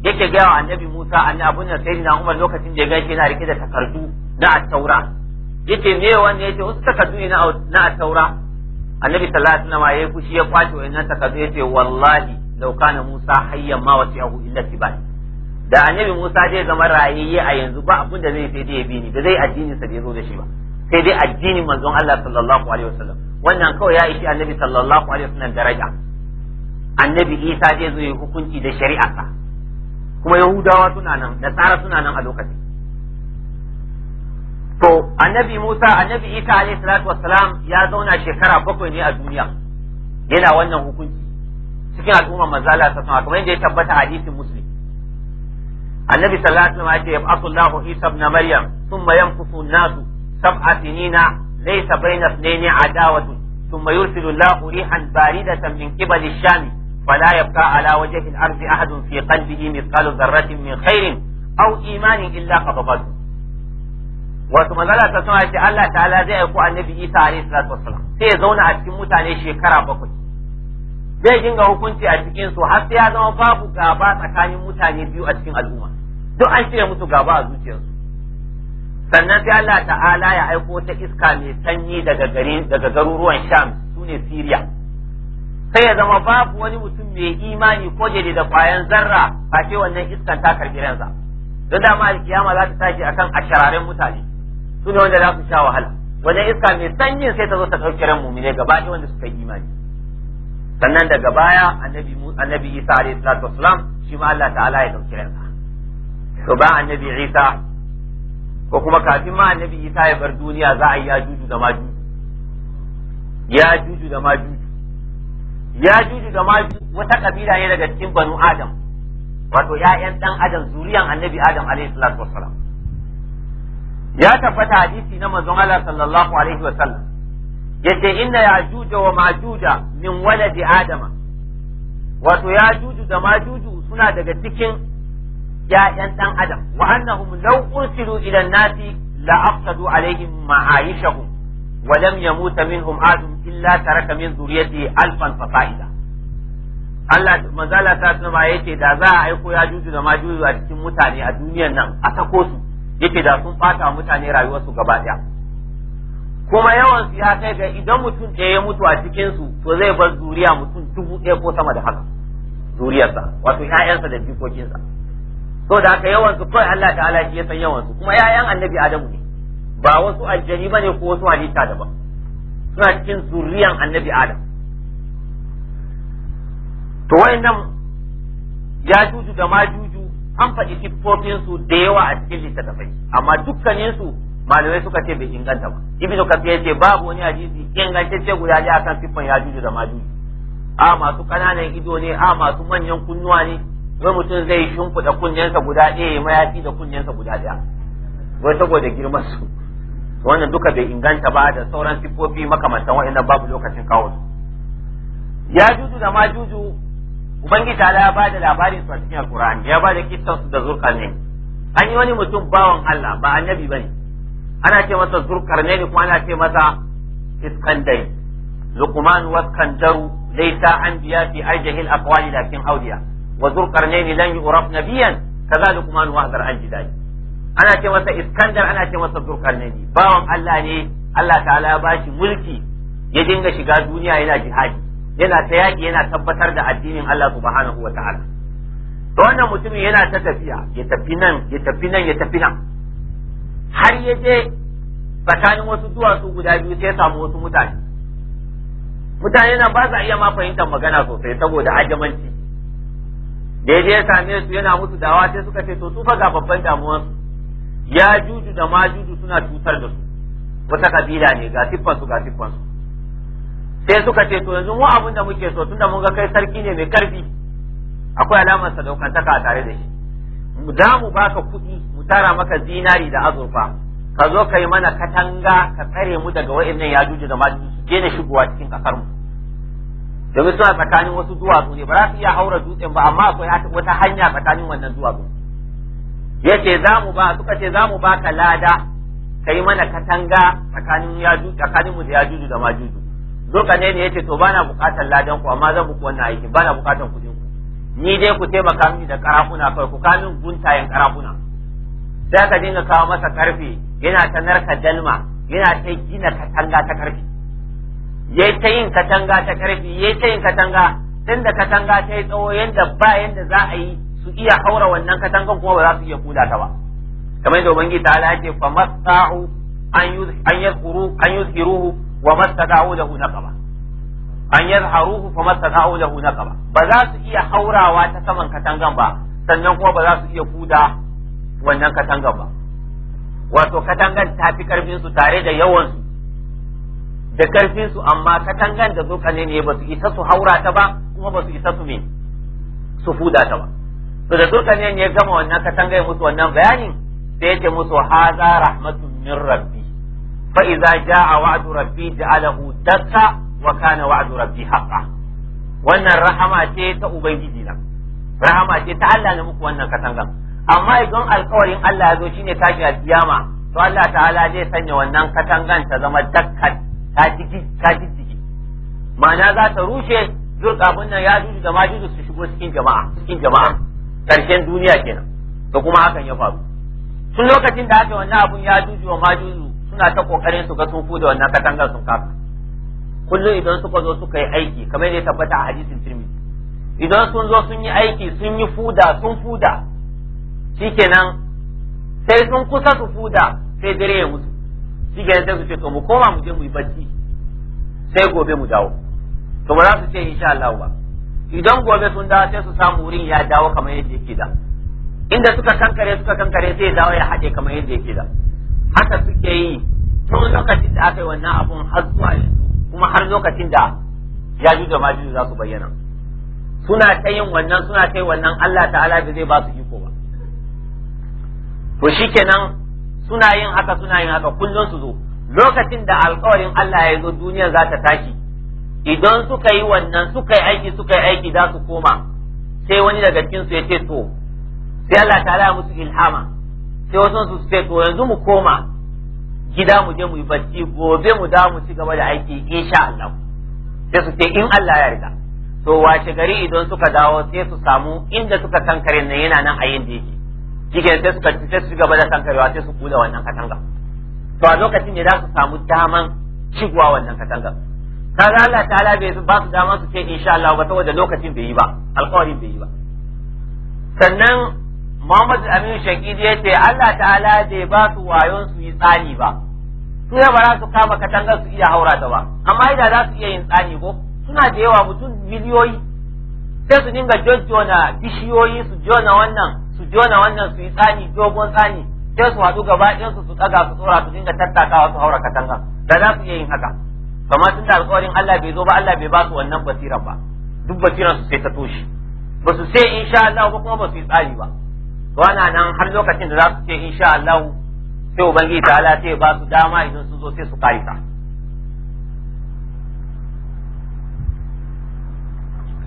yake ga wa annabi Musa annabi abun da na Umar lokacin da ya gaishe yana rike da takardu na at-taura yake ne wanne yake wasu takardu ne na at-taura annabi sallallahu alaihi wasallama yi fushi ya kwace wayannan takardu yace wallahi لو كان موسى حيا ما وسعه الا tibal da annabi Musa zai zama rayayye a yanzu ba abin da zai sai dai ya bi ni da zai addinin sa bai zo da shi ba sai dai addinin manzon Allah sallallahu alaihi wasallam wannan kawai ya ishi annabi sallallahu alaihi wasallam daraja annabi Isa zai zo ya hukunci da shari'a sa kuma Yahudawa suna nan da tsara suna nan a lokacin to annabi Musa annabi Isa alaihi salatu wassalam ya zauna shekara bakwai ne a duniya yana wannan hukunci cikin al'umma manzo Allah ta sama kamar yadda ya tabbata hadisin muslim annabi sallallahu alaihi wasallam ya ce yab'athu Allahu Isa ibn Maryam thumma yanfusu an-nasu sab'a sinina laysa bayna ithnaini adawatun thumma yursilu Allahu rihan baridatan min qibali ash-sham فلا يبقى على وجه الأرض أحد في قلبه مثقال ذرة من خير أو إيمان إلا قبضته wato manzala ta suna ce Allah ta'ala zai aiko annabi Isa alaihi salatu wassalam sai ya zauna a cikin mutane shekara bakwai zai dinga hukunci a cikin su har sai ya zama babu gaba tsakanin mutane biyu a cikin al'umma duk an shirya musu gaba a zuciyarsu sannan sai Allah ta'ala ya aiko ta iska mai sanyi daga gari daga garuruwan Sham sune Syria sai ya zama babu wani mutum mai imani ko jade da kwayan zarra a ce wannan iskan ta karbi ransa don dama alkiyama za ta tashi akan ashararen mutane sune wanda za su sha wahala wannan iska mai sanyin sai ta zo ta ɗauki ran mumine gaba ɗaya wanda suka yi imani sannan daga baya annabi Isa alayhi salatu wassalam shi ma Allah ta'ala ya dauki ransa to ba annabi Isa ko kuma kafin ma annabi Isa ya bar duniya za a yi yajuju da majuju yajuju da majuju yajuju da majuju wata kabila ne daga cikin banu Adam wato ‘ya'yan ɗan adam zuriyan annabi adam alaihi salatu wassalam ya tabbata hadisi na manzon Allah sallallahu alaihi wasallam yace inna yajuja wa majuja min waladi adama wato yajuju da majuju suna daga cikin ya'yan dan adam wa annahum law ursilu ila nasi la afsadu alaihim ma'aishahum wa lam yamut minhum adam illa taraka min zuriyati alfan fasaida Allah manzala ta tsama yace da za a aiko yajuju da majuju a cikin mutane a duniyar nan a sako su yace da sun fata mutane rayuwarsu gaba daya kuma yawan su ya kai ga idan mutum ɗaya ya mutu a cikin su to zai bar zuriya mutum dubu ɗaya ko sama da haka zuriyarsa wato ƴaƴansa da jikokinsa to da haka yawan su kawai Allah ta'ala shi ya san yawan su kuma ƴaƴan annabi Adamu ne ba wasu aljani ba ne ko wasu halitta daban suna cikin zuriyan annabi Adam to wayannan ya juju da majuju an faɗi siffofinsu da yawa a cikin littattafai amma dukkaninsu malamai suka ce bai inganta ba ibnu kafiya ce, babu wani hadisi ingantacce guda ɗaya akan siffan yajuju da majuju a masu ƙananan ido ne a masu manyan kunnuwa ne wai mutum zai shimfiɗa kunnensa guda ɗaya ya mayafi da kunnensa guda ɗaya wai saboda girman su wannan duka bai inganta ba da sauran siffofi makamantan wa'annan babu lokacin kawo su ya juju da majuju juju ubangiji ya ba da labarin su a cikin alkur'ani ya ba da kitan su da ne. an yi wani mutum bawan Allah ba annabi bane ana ce masa ne kuma ana ce masa iskandai luqman wa iskandaru laysa anbiya fi ajhil aqwali lakin awliya wa ne ne lan yurab nabiyan kaza man wa hadar ajdai ana ce masa iskandar ana ce masa zurkar ne bawan Allah ne Allah ta'ala ya bashi mulki ya dinga shiga duniya yana jihadi yana ta yaki yana tabbatar da addinin Allah subhanahu wa ta'ala to wannan mutumin yana ta tafiya ya tafi nan ya tafi nan ya tafi nan har ya je tsakanin wasu duwatsu guda biyu sai ya samu wasu mutane mutane na ba za iya ma fahimtar magana sosai saboda ajamanci da ya je ya same su yana musu dawa sai suka ce to su fa ga babban damuwarsu ya juju da ma juju suna cutar da su wata kabila ne ga su ga su sai suka ce to yanzu mu abin da muke so tunda mun ga kai sarki ne mai karfi akwai alamar sadaukantaka a tare da shi za mu baka kuɗi tara maka zinari da azurfa ka zo kai mana katanga ka tsare mu daga wa'annan yajuju da majuju su na shigowa cikin kasar mu domin suna tsakanin wasu duwatsu ne ba za su iya haura dutsen ba amma akwai wata hanya tsakanin wannan duwatsu ce za mu ba suka ce za mu ba ka lada ka yi mana katanga tsakanin tsakanin mu da yajuju da zo ka ne ne yace to bana bukatar ladan ku amma zan muku wannan aiki bana bukatar kuɗin ku ni dai ku taimaka mini da karafuna kai ku kamin guntayen karafuna za ka dinga kawo masa karfe yana ta narka dalma yana ta gina katanga ta karfe ya ta yin katanga ta karfe ya ta yin katanga tun da katanga ta yi tsawo yadda ba yadda za a yi su iya haura wannan katangan kuma ba za su iya kula ta ba kamar yadda ubangiji ta ala ce fa masa'u an yadhkuru an yuzhiruhu wa mastata'u lahu naqaba an yadharuhu fa mastata'u lahu naqaba ba za su iya haurawa ta saman katangan ba sannan kuma ba za su iya kuda wannan katangan ba wato katangan ta fi karfin su tare da yawan su da karfin su amma katangan da zokane ne ba su isa su haura ta ba kuma ba su isa su me su fuda ta ba to da zokane ne ya gama wannan ya musu wannan bayanin sai yake musu haza rahmatun min rabbi fa idza jaa wa'du rabbi ja'alahu dakka wa kana wa'du rabbi haqqan wannan rahama ce ta ubangiji na rahama ce ta Allah ne muku wannan katangan amma idan alkawarin Allah ya zo shine tashi kiyama to Allah ta'ala zai sanya wannan katangan ta zama dakkan ta jiki ta jiki ma'ana za ta rushe zurkafin nan ya juju da majuju su shigo cikin jama'a cikin jama'a karshen duniya kenan da kuma hakan ya faru tun lokacin da aka wannan abun ya juju wa majuju suna ta kokarin su ga sun fuda wannan katangar sun kafa kullum idan suka zo suka yi aiki kamar yadda tabbata a hadisin tirmidhi idan sun zo sun yi aiki sun yi fuda sun fuda shikenan sai sun kusa su fuda sai dare ya mutu shikenan sai su ce to mu koma mu je mu yi bacci sai gobe mu dawo to ba za su ce insha Allah ba idan gobe sun dawo sai su samu wurin ya dawo kamar yadda yake da inda suka kankare suka kankare sai ya dawo ya haɗe kamar yadda yake da haka suke yi tun lokacin da aka yi wannan abun har zuwa yanzu kuma har lokacin da ya da majuju za su bayyana suna ta yin wannan suna ta wannan Allah ta'ala da zai ba su iko ba to shikenan suna yin haka suna yin haka kullum su zo lokacin da alƙawarin Allah ya zo duniya za ta tashi idan suka yi wannan suka yi aiki suka yi aiki za su koma sai wani daga cikin su ya ce to sai Allah ta ya musu ilhama sai wasu su ce to yanzu mu koma gida mu je mu yi bacci gobe mu da mu ci gaba da aiki insha Allah sai su ce in Allah ya riga to wace gari idan suka dawo sai su samu inda suka kankare ne yana nan a yin da yake shike sai suka sai su gaba da kankarewa sai su kula wannan katanga to a lokacin ne za su samu daman shigowa wannan katanga kaga Allah ta'ala bai ba su dama su ce insha Allah ba saboda lokacin bai yi ba alƙawarin bai yi ba sannan Muhammad Aminu Shakidi ya ce Allah ta'ala bai ba su wayon su yi tsani ba su ya bara su kama katangar su iya haura ta ba amma idan za su iya yin tsani ko suna da yawa mutum miliyoyi sai su dinga jojjona bishiyoyi su jona wannan su jona wannan su yi tsani dogon tsani sai su haɗu gaba ɗayansu su ɗaga su tsora su dinga tattakawa su haura katanga da za su iya yin haka kamar tun da alƙawarin Allah bai zo ba Allah bai ba su wannan basiran ba duk basiran su sai ta toshe ba su sai insha Allah ba kuma ba su yi tsari ba to ana nan har lokacin da za su ce insha Allah sai ubangiji ta ala sai ba su dama idan su zo sai su karita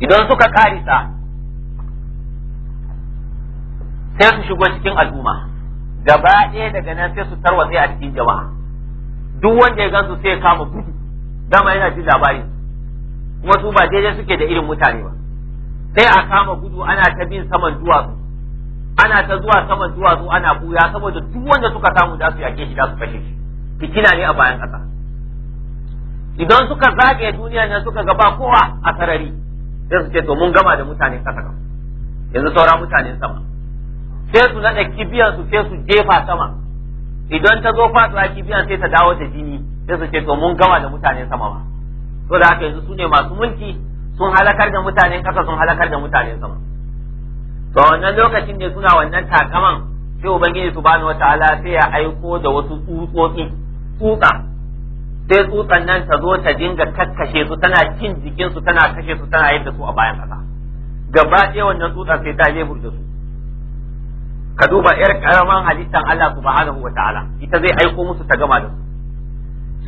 idan suka karisa. sai su shigo cikin al'umma gaba ɗaya daga nan sai su tarwatse a cikin jama'a duk wanda ya gansu sai ya kama gudu dama yana jin labari kuma su ba daidai suke da irin mutane ba sai a kama gudu ana ta bin saman duwatsu ana ta zuwa saman duwatsu ana buya saboda duk wanda suka samu za su yake shi za su kashe shi fitina ne a bayan ƙasa idan suka zagaye duniya nan suka gaba kowa a sarari sai su ce to mun gama da mutane ƙasa yanzu saura mutanen sama sai su nada kibiyan su sai su jefa sama idan ta zo fasuwa kibiyan sai ta dawo da jini sai su ce to mun gama da mutane sama ba to da haka yanzu su ne masu mulki sun halakar da mutanen kasa sun halakar da mutanen sama to wannan lokacin ne suna wannan takaman sai ubangiji subhanahu ala sai ya aiko da wasu tsutsotsi tsutsa sai tsutsan nan ta zo ta dinga kakkashe su tana cin jikin su tana kashe su tana yadda su a bayan kasa gaba ɗaya wannan tsutsan sai ta jefur da su ka duba yar karaman halittan Allah subhanahu wa ta'ala ita zai aiko musu ta gama da su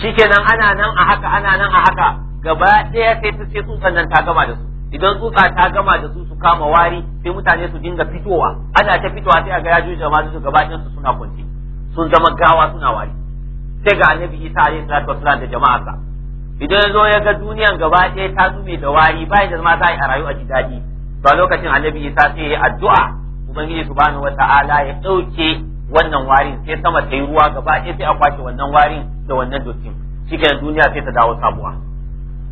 shikenan ana nan a haka ana nan a haka gaba ɗaya sai ta ce tsutsan nan ta gama da su idan tsutsa ta gama da su su kama wari sai mutane su dinga fitowa ana ta fitowa sai a ga yajuj da majuj gaba ɗayan su suna kwanci sun zama gawa suna wari sai ga annabi Isa alaihi salatu wassalam da sa idan ya ya ga duniyan gaba ɗaya ta zume da wari bayan da ma za a yi a rayu a ji daɗi to lokacin annabi Isa sai ya yi addu'a ubangiji subhanahu ta'ala ya ɗauke wannan warin sai sama ta yi ruwa gaba ɗaya sai a kwace wannan warin da wannan dokin shikenan duniya sai ta dawo sabuwa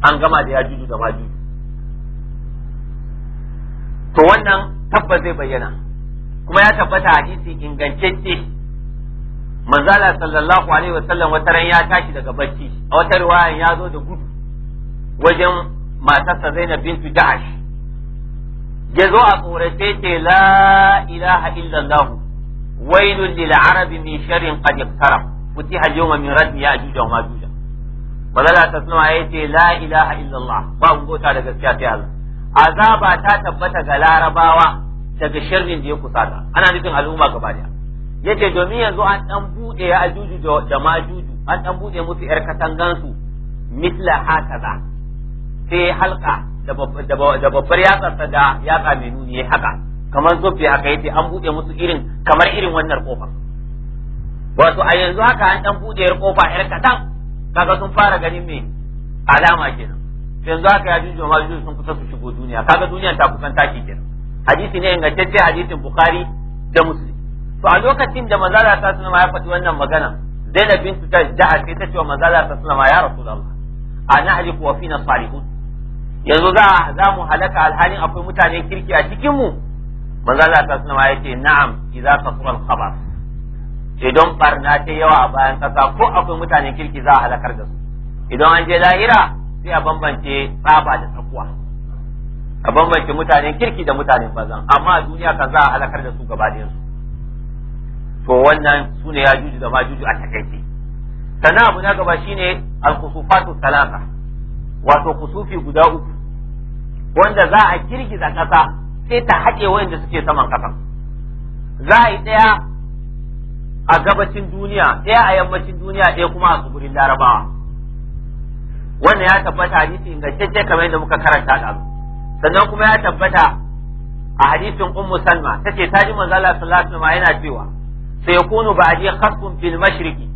an gama da yajuju da majuju to wannan tabbas zai bayyana kuma ya tabbata hadisi ingantacce manzala sallallahu alaihi wasallam wata ran ya tashi daga bacci a wata riwaya ya zo da gudu wajen matarsa Zainab bintu Ja'ash ya zo a tsorace ce la ilaha illallah wailul lil arabi min sharrin qad iqtara kuti al-yawma min ya ya'juj wa ma'juj bazala ta sunwa yace la ilaha illallah ba gota da gaskiya sai Allah azaba ta tabbata ga larabawa daga sharrin da ya kusata ana nufin al'umma gaba daya yace domin yanzu an dan bude ya ajuju da majuju an dan bude musu yar katangansu misla hakaza sai halka da babbar yatsarsa da yatsa mai nuni ya haka kamar zobe haka yace an buɗe musu irin kamar irin wannan kofar wato a yanzu haka an dan buɗe yar kofa yar kaɗan kaga sun fara ganin me alama kenan yanzu haka ya junjo ma junjo sun kusa su shigo duniya kaga duniya ta kusan tashi kenan hadisi ne ingantacce hadisin bukhari da muslim to a lokacin da manzo ta sallallahu ya faɗi wannan magana Zainab bintu Jahash sai ta ce wa manzo Allah sallallahu alaihi ya rasulullah ana aliku wa fina salihun yanzu za za mu halaka alhalin akwai mutane kirki a cikin mu manzo Allah ta sunama yace na'am idza kasura al-khabar idan barna ta yawa a bayan kasa ko akwai mutane kirki za a halakar da su idan an je lahira sai a bambance tsaba da tsakuwa a bambance mutanen kirki da mutanen bazan amma a duniya kan za a halakar da su gaba su to wannan su ne ya juju da majuju a takaice sannan abu na gaba shine al-khusufatu salasa wato kusufi guda uku wanda za a girgiza ƙasa sai ta haƙe wayanda suke saman ƙasan za a yi ɗaya a gabacin duniya ɗaya a yammacin duniya ɗaya kuma a tsibirin larabawa wannan ya tabbata a hadisi ingantacce kamar yadda muka karanta da sannan kuma ya tabbata a hadisin ummu salma ce ta ji manzo Allah sallallahu alaihi yana cewa a je khasfun bil mashriqi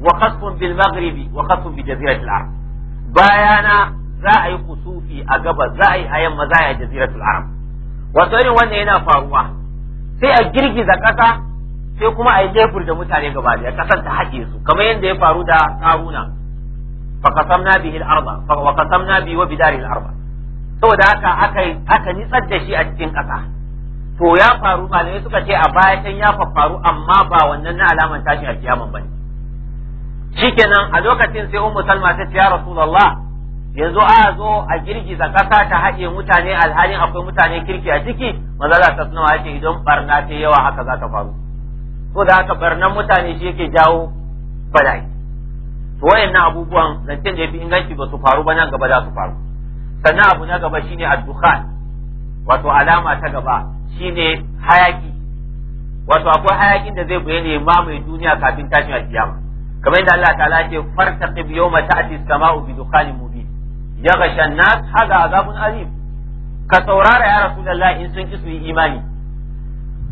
wa khasfun bil maghribi wa khasfun bi jaziratil arab bayana za a yi kusufi a gabas za a yi a yamma za a yi jaziratul arab wato irin wannan yana faruwa sai a girgiza ƙasa sai kuma a yi jefur da mutane gaba da ƙasar ta haƙe su kamar yadda ya faru da karuna fa kasamna bihi al-arba fa kasamna bihi wa bidari al-arba saboda haka aka aka nitsar da shi a cikin ƙasa to ya faru ba ne suka ce a baya can ya faru amma ba wannan na alaman tashin alkiyama bane shikenan a lokacin sai ummu salma ta ce ya rasulullah yanzu a zo a girgiza ƙasa ta haɗe mutane alhalin akwai mutane kirki a ciki maza za ta suna yake idan barna ta yawa haka za ta faru ko da haka barnan mutane shi yake jawo bala'i to wayannan abubuwan zancen da yafi inganci ba su faru ba nan gaba za su faru sannan abu na gaba shine addukhan wato alama ta gaba shine hayaki wato akwai hayakin da zai bayyana ya mamaye duniya kafin tashin alkiyama kamar yadda Allah ta'ala ce fartaqib yawma ta'ti as-sama'u bi dukhanin mubin ya gashan nas haga azabun azim ka saurara ya rasulullahi in sun ki su yi imani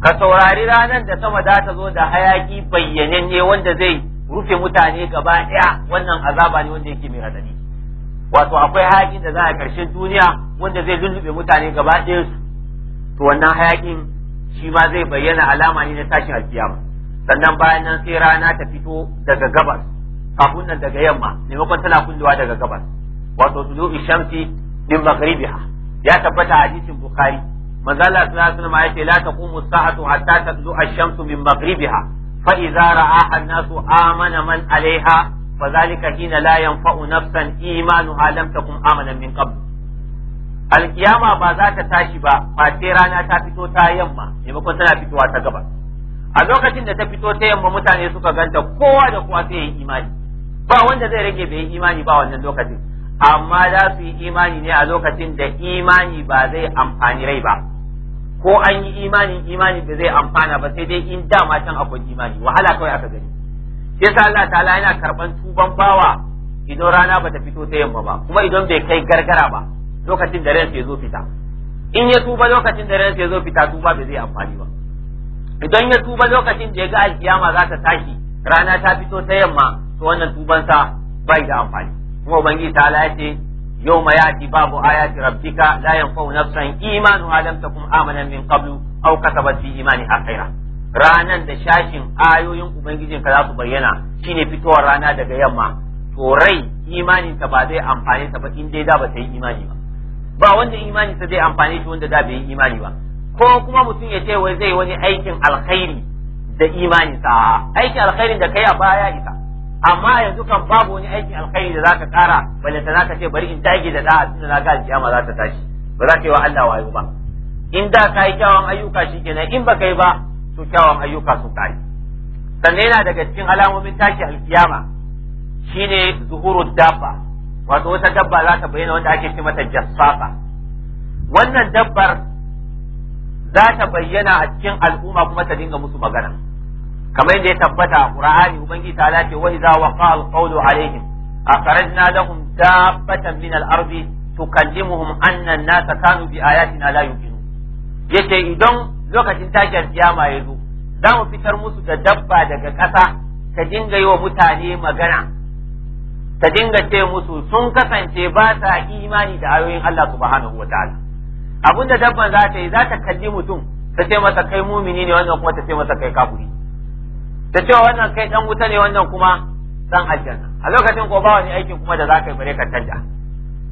ka saurari ranar da sama za ta zo da hayaki bayyananne wanda zai rufe mutane gaba ɗaya wannan azaba ne wanda yake mai hatsari. wato akwai hayakin da za a ƙarshen duniya wanda zai lullube mutane gaba ɗaya to wannan hayakin shi ma zai bayyana alama ne na tashin alkiyama sannan bayan nan sai rana ta fito daga gabas kafin nan daga yamma maimakon tana kullewa daga gabas wato tulu'i shamsi min maghribiha ya tabbata a hadisin bukhari manzo Allah sallallahu alaihi wasallam yace la taqumu saatu hatta tatlu'a ash-shamsu min maghribiha fa idza ra'a an-nasu amana man 'alayha fa zalika hina la yanfa'u nafsan imanuha lam takum amanan min qabl alkiyama ba za ta tashi ba ba sai rana ta fito ta yamma maimakon tana fitowa ta gaba. a lokacin da ta fito ta yamma mutane suka ganta kowa da kowa sai ya yi imani ba wanda zai rage bai yi imani ba wannan lokacin amma za su yi imani ne a lokacin da imani ba zai amfani rai ba ko an yi imanin imani ba zai amfana ba sai dai in dama can akwai imani wahala kawai aka gani sai yasa Allah ta'ala yana karban tuban bawa idan rana bata fito ta yamma ba kuma idan bai kai gargara ba lokacin da ran ya zo fita in ya tuba lokacin da ran ya zo fita tuba ba zai amfani ba idan ya tuba lokacin da ya ga alkiyama za ta tashi rana ta fito ta yamma to wannan tubansa bai da amfani kuma ubangiji ta ala ce yawma yati babu ayati rabbika la yanfa'u nafsan imanuha ta takum amanan min qablu aw kasabat fi imani akhira ranan da shashin ayoyin ubangijin ka za su bayyana shine fitowar rana daga yamma to rai imanin ta ba zai amfane ta ba in dai da ba ta yi imani ba ba wanda imani ta zai amfane shi wanda da bai yi imani ba ko kuma mutum ya ce wai zai wani aikin alkhairi da imani sa aikin alkhairin da kai a baya isa. amma yanzu kan babu wani aikin alkhairi da zaka kara balle ta zaka ce bari in dage da da'a tunda na ga alkiyama za ta tashi ba za ka yi wa Allah wayo ba in da ka yi kyawun ayyuka shikenan in baka yi ba to kyawun ayyuka sun kare sannan yana daga cikin alamomin tashi alkiyama shine zuhurud dabba wato wata dabba za ta bayyana wanda ake ce mata jassafa wannan dabbar za ta bayyana a cikin al'umma kuma ta dinga musu magana kamar yadda ya tabbata a Qur'ani ubangiji ta ce wa iza waqa al-qawlu alaihim akhrajna lahum dabbatan min al-ardi tukallimuhum anna an-nasa kanu bi ayatina la yuqinu yace idan lokacin takiyar kiyama ya zo za mu fitar musu da dabba daga ƙasa ta dinga yi wa mutane magana ta dinga ce musu sun kasance ba sa imani da ayoyin Allah subhanahu wa ta'ala abinda dabban za ta yi za ta kalli mutum ta ce masa kai mumini ne wannan kuma ta ce masa kai kafiri da cewa wannan kai dan wuta ne wannan kuma dan aljanna a lokacin ko ba wani aikin kuma da zaka yi bare ka canja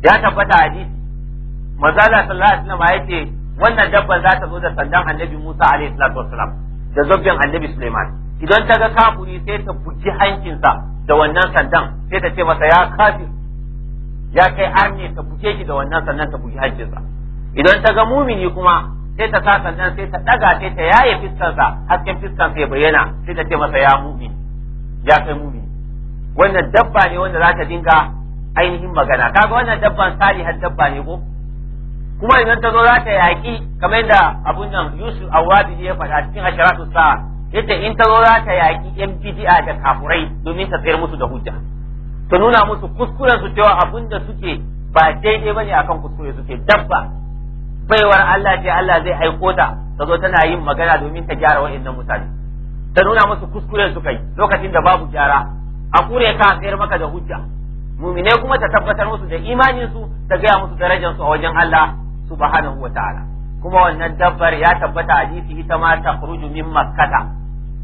ya tabbata hadisi manzo sallallahu alaihi wasallam yace wannan dabba za ta zo da sandan annabi Musa alaihi salatu wasallam da zobbin annabi Sulaiman idan ta ga kafuri sai ta buji hankinsa da wannan sandan sai ta ce masa ya kafi ya kai arne ta buke shi da wannan sandan ta buji hankinsa idan ta ga mumini kuma sai ta sa sannan sai ta daga sai ta yaye fiskansa hasken fiskan sai bayyana sai ta ce masa ya mumi ya kai mumi wannan dabba ne wanda za ta dinga ainihin magana kaga wannan dabban har dabba ne ko kuma idan ta zo za ta yaƙi kamar yadda abun nan Yusuf Awadi ya faɗa cikin asharatu sa yadda in ta zo za ta yaƙi yan bidia da kafurai domin ta tsayar musu da hujja ta nuna musu kuskuren su cewa abun da suke ba daidai bane akan kuskure suke dabba baiwar Allah ce Allah zai aiko ta ta zo tana yin magana domin ta gyara wa'annan mutane ta nuna musu kuskure suka yi lokacin da babu gyara a kure ka tsayar maka da hujja mumine kuma ta tabbatar musu da imanin su ta gaya musu darajar su a wajen Allah subhanahu wataala kuma wannan dabbar ya tabbata jifi ita ma ta khuruju min makkata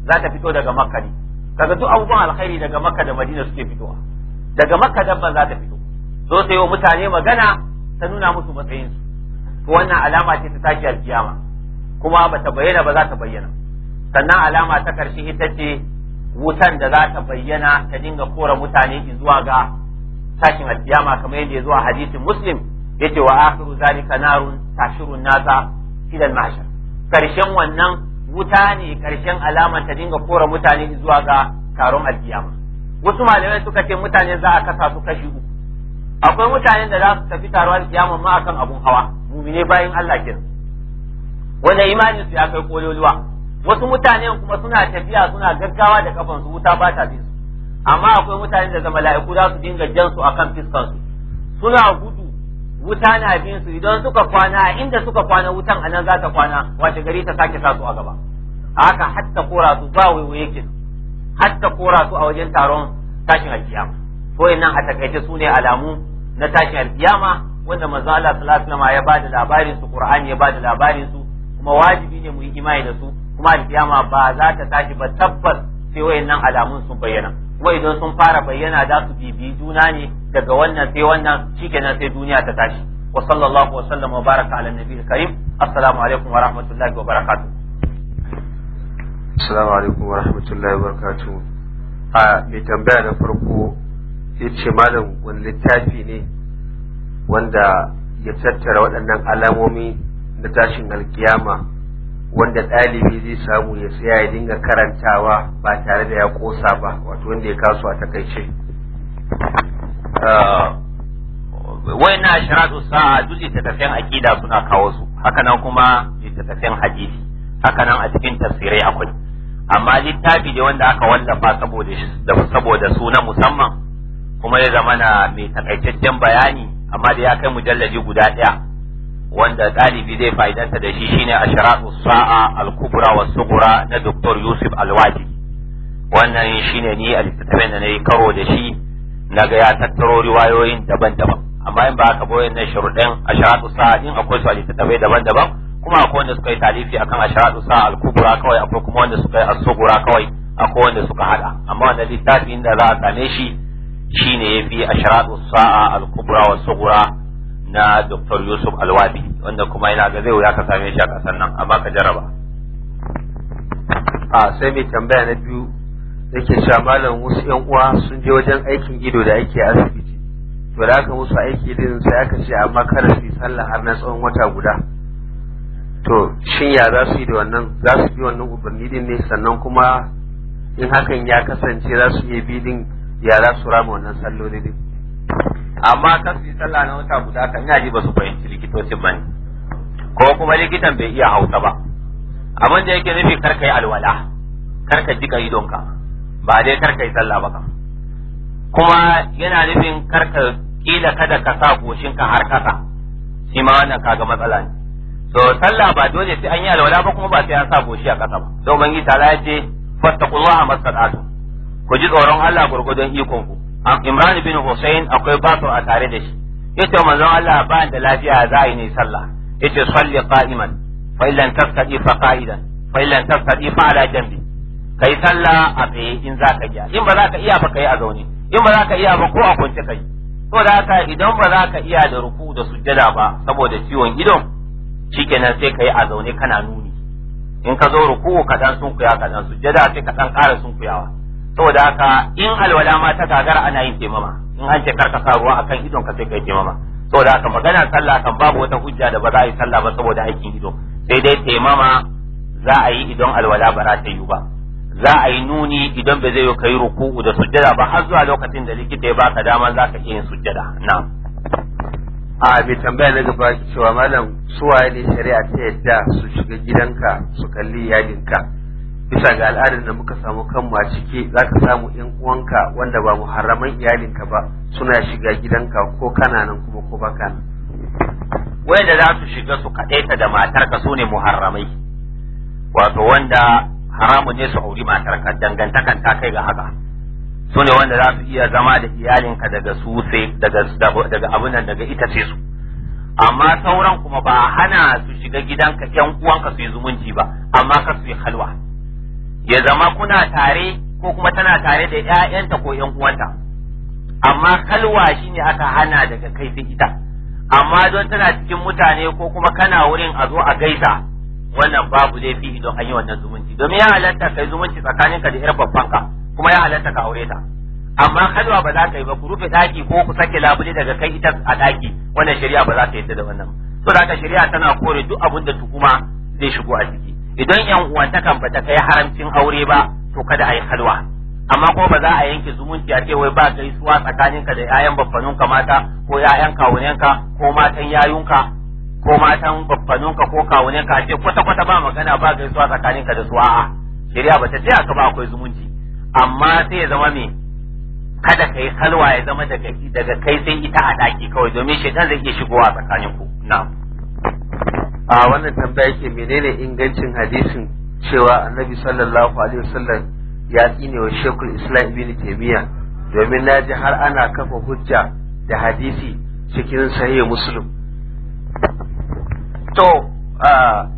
za ta fito daga makka ne kaga duk abubuwan alkhairi daga makka da madina suke fitowa daga makka dabbar za ta fito zo sai wa mutane magana ta nuna musu matsayinsu. wannan alama ce ta tashi alkiyama kuma ba ta bayyana ba za ta bayyana sannan alama ta karshe ita ce wutan da za ta bayyana ta dinga kora mutane in zuwa ga tashin alkiyama kamar yadda ya zo hadisin muslim ya ce wa akhiru zalika narun tashirun nasa idan mashar karshen wannan wuta ne karshen alama ta dinga kora mutane zuwa ga taron alkiyama wasu malamai suka ce mutane za a kasa su kashi uku akwai mutanen da za su tafi da kiyama ma akan abun hawa mumine bayan Allah kenan wanda imanin su ya kai kololuwa wasu mutanen kuma suna tafiya suna gaggawa da kafan su wuta ba ta bi su amma akwai mutanen da mala'iku za su dinga jan su akan fiskan su suna gudu wuta na bin su idan suka kwana inda suka kwana wutan anan za ta kwana wace gari ta sake sa su a gaba haka hatta kora su ba waiwaye kin hatta kora su a wajen taron tashin alkiyama wayannan a takaice su ne alamu na tashin alkiyama wanda manzo Allah sallallahu alaihi ya bada labarin su Qur'ani ya bada labarin su kuma wajibi ne mu yi imani da su kuma alkiyama ba za ta tashi ba tabbas sai wayannan alamun sun bayyana kuma idan sun fara bayyana za su bibi juna ne daga wannan sai wannan shikenan sai duniya ta tashi wa sallallahu wa sallam wa baraka ala nabiyil karim assalamu alaikum wa rahmatullahi wa barakatuh assalamu alaikum wa rahmatullahi wa barakatuh a mai tambaya da farko ya ce malam wani littafi ne wanda ya tattara waɗannan alamomi na tashin alkiyama wanda ɗalibi zai samu ya saya ya dinga karantawa ba tare da ya ƙosa ba wato wanda ya kasu a takaice ah, wayannan ashiratu a duk littattafan aƙida suna kawo su hakanan kuma littattafan hadisi hakanan a cikin tafsirai akwai amma littafi ne wanda aka wallafa saboda sunan na musamman kuma ya zama na mai takaitaccen bayani amma da ya kai mujallaji guda ɗaya wanda ɗalibi zai fa'idanta da shi shine ashratu sa'a al wa sughra na Dr. Yusuf Alwadi wannan shine ni a littattafin da na yi karo da shi Na ga ya tattaro riwayoyin daban-daban amma in ba haka ba na a ashratu sa'a In akwai su a littattafai daban-daban kuma akwai wanda suka yi talifi akan a ashratu sa'a al kawai akwai kuma wanda suka yi a sugura kawai akwai wanda suka hada amma wannan littafin da za a same shi Shi ne ya fi ashratu sa'a al-kubra wa na Dr. Yusuf Alwadi wanda kuma yana ga zai wuya ka same shi a ƙasar nan amma ka jaraba a sai mai tambaya na biyu yake malamin malam wasu yan uwa sun je wajen aikin gido da ake asibiti to da aka musu aiki din sai aka ce amma kada su yi sallah har na tsawon wata guda to shin ya za su yi da wannan za su bi wannan umarni din ne sannan kuma in hakan ya kasance za su iya bi ya za su rama wannan salloli din amma kan su yi sallah na wata guda kan ina ji ba su fahimci likitocin ba ne ko kuma likitan bai iya hausa ba abin da yake nufi karka yi alwala karka jika donka ba dai karka yi sallah ba kuma yana nufin karka kila kada ka sa goshin ka har kasa shi ma wannan kaga matsala ne so sallah ba dole sai an yi alwala ba kuma ba sai an sa goshi a kasa ba domin yi tala ya ce a mastata'tum ku ji tsoron Allah gurgudun ikon ku Imran bin Hussein akwai batur a tare da shi yace manzon Allah ba da lafiya za a yi ne sallah yace salli qa'iman fa illan tastati fa qa'idan fa illan tastati fa ala jambi kai sallah a tsaye in za ka iya in ba za ka iya ba kai a zaune in ba za ka iya ba ko a kwance kai to da haka idan ba za ka iya da ruku da sujjada ba saboda ciwon idon shikenan sai kai a zaune kana nuni in ka zo ruku ka dan sunkuya ka dan sujjada sai ka dan ƙara sunkuyawa saboda haka in alwala ma ta gagara ana yin taimama in an ce karka ruwa akan idon ka sai kai taimama saboda haka magana sallah kan babu wata hujja da ba za a yi sallah ba saboda aikin ido sai dai taimama za a yi idan alwala ba za ta yi ba za a yi nuni idan ba zai yi kai ruku'u da sujjada ba har zuwa lokacin da likita ya baka dama za ka iya yin sujjada na'am a bi tambaya na gaba cewa malam suwaye ne shari'a ta yadda su shiga gidanka su kalli yadinka bisa ga al'adar da muka samu kanmu a ciki za ka samu yan uwanka wanda ba muharraman iyalinka ba suna shiga gidanka ko kana nan kuma ko baka nan Wai da za su shiga su kaɗaita da matarka su ne muharramai wato wanda haramun ne su auri matarka dangantakan ta kai ga haka su ne wanda za su iya zama da iyalinka daga su sai daga abin nan daga ita sai su amma sauran kuma ba hana su shiga gidanka yan uwanka su yi zumunci ba amma ka su yi halwa ya zama kuna tare ko kuma tana tare da ‘ya'yanta ko ‘yan uwanta amma kalwa shine aka hana daga kai sai ita amma don tana cikin mutane ko kuma kana wurin a zo a gaisa wannan babu laifi fi an yi wannan zumunci domin ya halatta kai zumunci tsakaninka da ‘yar babbanka kuma ya halatta ka aure ta amma kalwa ba za ka yi ba ku rufe daki ko ku sake labule daga kai ita a daki wannan shari'a ba za ta yadda da wannan to da shari'a tana kore duk abin da tukuma zai shigo a ciki idan yan uwantakan bata kai haramcin aure ba to kada a yi halwa amma ko ba za a yanke zumunci a ce wai ba gaisuwa tsakaninka da 'ya'yan baffanunka mata ko 'ya'yan kawunenka ko matan yayunka ko matan babbanunka ko kawunenka a ce kwata-kwata ba magana ba gaisuwa tsakaninka da su a'a shari'a ba ta aka ba akwai zumunci amma sai ya zama me kada ka yi halwa ya zama daga kai sai ita a ɗaki kawai domin shaitan zai iya shigowa tsakaninku na'am a wannan tambaya yake menene ingancin hadisin cewa annabi sallallahu alaihi wasallam ya tsine wa shekul islam ibn taymiya domin na ji har ana kafa hujja da hadisi cikin sahih muslim to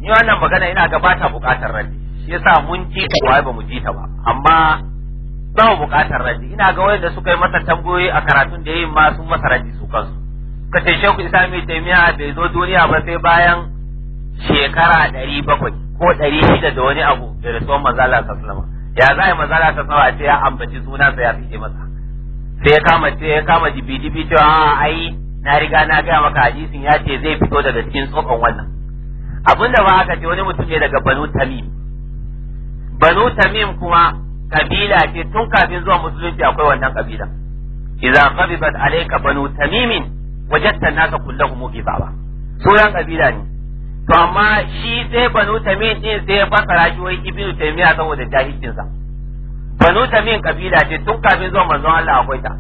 ni wannan magana ina gabata bukatar rabi shi yasa mun ji ta wai ba mu ji ta ba amma ba mu bukatar rabi ina ga wanda suka yi masa tambayoyi a karatun da yayin ma sun masa rabi su kansu kace shekul islam ibn taymiya bai zo duniya ba sai bayan shekara ɗari bakwai ko ɗari shida da wani abu da rasuwan mazala ta sulama ya za a yi mazala ta sulama ce ya ambaci sunansa ya fice masa sai ya kama ce ya kama jibi cewa a ah, ai na riga na gaya maka hadisin ya ce zai fito daga cikin tsokan wannan abin da ba aka ce wani mutum ne daga banu tamim banu tamim kuma kabila ce tun kafin zuwa musulunci akwai wannan kabila idan kabibat alayka banu tamimin wajadta naka nasa kullahum ba. sunan kabila ne to amma shi sai banu tamin din sai ya fasara shi wai ibnu taymiya saboda jahilcin sa banu tamin kabila ce tun kafin zuwa manzon Allah akwai ta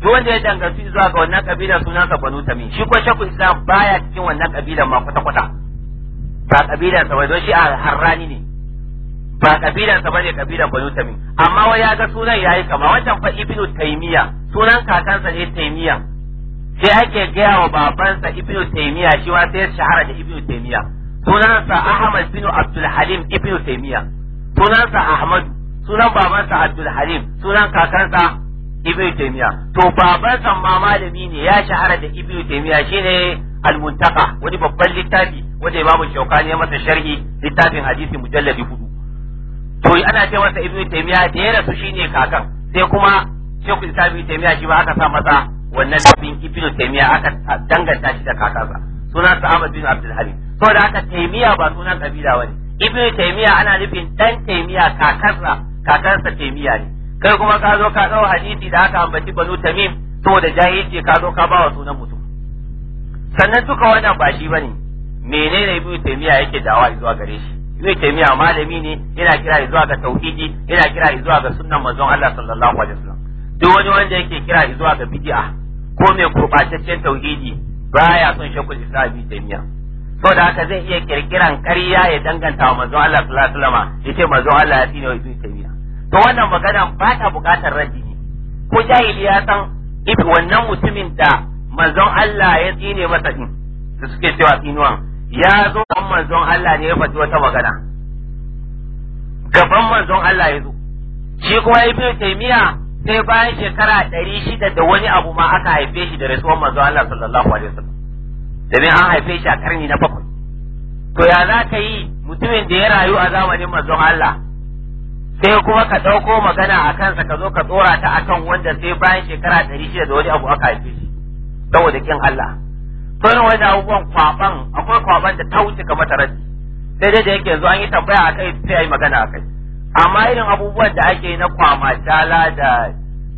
duk wanda ya danganci zuwa ga wannan kabila sunansa banu tamin shi ko shakku islam baya cikin wannan kabila ma kwata kwata ba kabila sa bai don shi a harrani ne ba kabila sa bane kabila banu tamin amma wai ya ga sunan yayi kama wancan fa ibnu taymiya sunan kakansa ne taymiya sai ake gaya wa babansa ibnu taymiya shi wa sai shahara da ibnu taymiya sunansa Ahmad bin Abdul Halim ibn Taymiya sunansa Ahmad sunan babansa Abdul Halim sunan kakansa Ibn Taymiya to babansa ma malami ne ya shahara da Ibn Taymiya shine Al-Muntaqa wani babban littafi wanda Imam Shawkani ya masa sharhi littafin hadisi mujalladi hudu to ana ce masa Ibn Taymiya da ya rasu shine kakan sai kuma Sheikhul Islam Ibn Taymiya shi ba aka sa masa wannan bin Ibn Taymiya aka danganta shi da kakansa sunansa Ahmad bin Abdul Halim saboda da haka taimiya ba sunan kabila bane ibnu taimiya ana nufin dan taimiya kakarsa kakarsa taimiya ne kai kuma ka zo ka dau hadisi da aka ambaci banu tamim saboda jahilci ka zo ka ba wa sunan mutum sannan duka wannan ba shi bane menene ibnu taimiya yake dawa zuwa gare shi ibnu taimiya malami ne yana kira zuwa ga tauhidi yana kira zuwa ga sunnan manzon Allah sallallahu alaihi wasallam duk wani wanda yake kira zuwa ga bid'a ko mai gurbataccen tauhidi baya son shakul islam ibnu taimiya da haka zai iya kirkiran ƙarya ya danganta wa manzon Allah sallallahu alaihi wasallam yace manzon Allah ya tsine wa ibnu taymiya to wannan magana ba ta buƙatar raddi ko jahiliya ya san ibi wannan mutumin da manzon Allah ya tsine masa din da suke cewa tsinuwan ya zo kan manzon Allah ne ya faɗi wata magana gaban manzon Allah ya zo shi kuma ibnu taymiya sai bayan shekara ɗari shida da wani abu ma aka haife shi da rasuwar manzon Allah sallallahu alaihi wasallam domin an haife shi a karni na bakwai to ya za ka yi mutumin da ya rayu a zamanin manzon Allah sai kuma ka ɗauko magana a kansa ka zo ka tsora ta a kan wanda sai bayan shekara ɗari shida da wani abu aka haife shi saboda kin Allah to irin wani abubuwan kwaban akwai kwaban da ta wuce ka mata rabi sai dai da yake yanzu an yi tambaya a kai sai a yi magana a kai amma irin abubuwan da ake yi na kwama da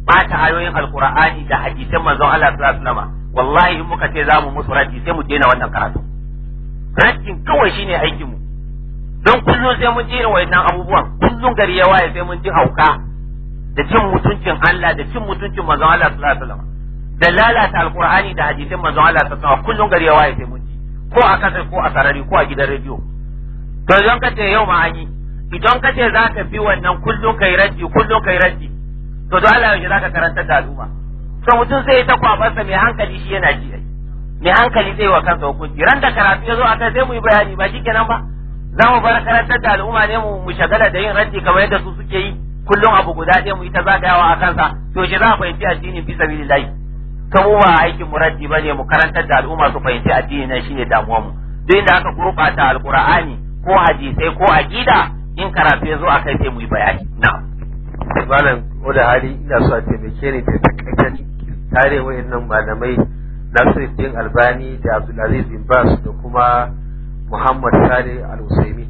bata ayoyin alkur'ani da hadisin manzon Allah sallallahu alaihi wasallam wallahi in muka ce za mu musu raddi sai mu daina wannan karatu raddin kawai shine aikin mu don kullum sai mun ji irin wayannan abubuwan kullum gari ya waye sai mun ji hauka da cin mutuncin Allah da cin mutuncin manzon Allah sallallahu alaihi wasallam da lalata alqur'ani da hadisin manzon Allah sallallahu alaihi wasallam kullum gari ya waye sai mun ji ko a kasar ko a sarari ko a gidan rediyo to idan ka ce yau ma an yi idan ka ce za ka bi wannan kullum kai ranci kullum kai ranci to don Allah yaushe za ka karanta da al'umma to mutum zai ta kwabarsa mai hankali shi yana ji mai hankali zai wa kansa hukunci ran da karatu ya zo a kai sai mu yi bayani ba shi kenan ba za mu bar karantar da al'umma ne mu mu shagala da yin raddi kamar yadda su suke yi kullum abu guda ɗaya mu yi ta zagayawa a kansa to shi za a fahimci addini bi lillahi to mu ba aikin mu raddi ne mu karantar da al'umma su fahimci addini nan shine damuwar mu duk da aka gurɓata alqur'ani ko hadisai ko aqida in karatu ya zo a kai sai mu yi bayani na'am malam ko da hali ina so a taimake ni da takaitani kare wayannan malamai Nasiruddin Albani da Abdulaziz bin Bas da kuma Muhammad Saleh Al-Usaimi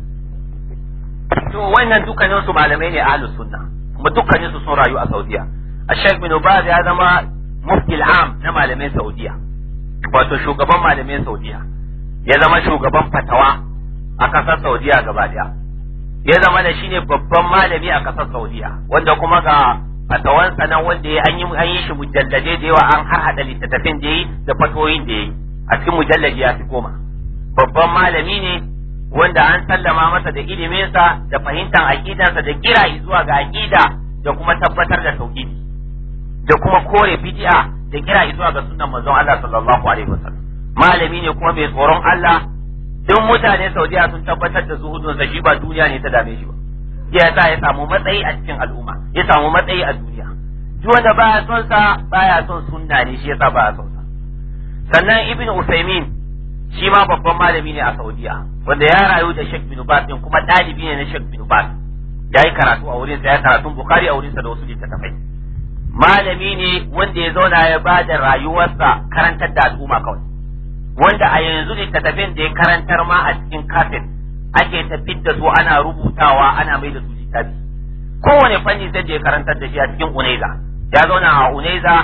to wannan dukkanin su malamai ne ahlus sunna kuma dukkanin su sun rayu a Saudiya Sheikh bin ya zama mufti am na malamai Saudiya wato shugaban malamai Saudiya ya zama shugaban fatawa a kasar Saudiya gaba daya ya zama da shine babban malami a kasar Saudiya wanda kuma ga A tsawon sanan wanda ya an yi an yi shi mujallade da yawa an har hada littattafin da yi da fatoyin da ya yi. a cikin mujallaji ya fi koma babban malami ne wanda an sallama masa da iliminsa da fahimtar aqidansa da kira zuwa ga aqida da kuma tabbatar da tauhidi da kuma kore bid'a da kira zuwa ga sunnan manzon Allah sallallahu alaihi wasallam malami ne kuma mai tsoron Allah duk mutane Saudiya sun tabbatar da zuhudun sa shi ba duniya ne ta dame shi ba ya sa ya samu matsayi a cikin al'umma ya samu matsayi a duniya duk wanda baya son sa baya son sunna ne shi yasa baya son sa sannan ibn usaimin shi ma babban malami ne a saudiya wanda ya rayu da shek bin bas din kuma dalibi ne na shek bin bas ya yi karatu a wurin sa ya karatu bukhari a wurin sa da wasu littattafai malami ne wanda ya zauna ya ba da rayuwarsa karantar da al'umma kawai wanda a yanzu littattafin da ya karantar ma a cikin kafin ake tafiyar da su ana rubutawa ana mai da su littafi kowane fanni sai da ya karantar da shi a cikin uneza ya zauna a uneza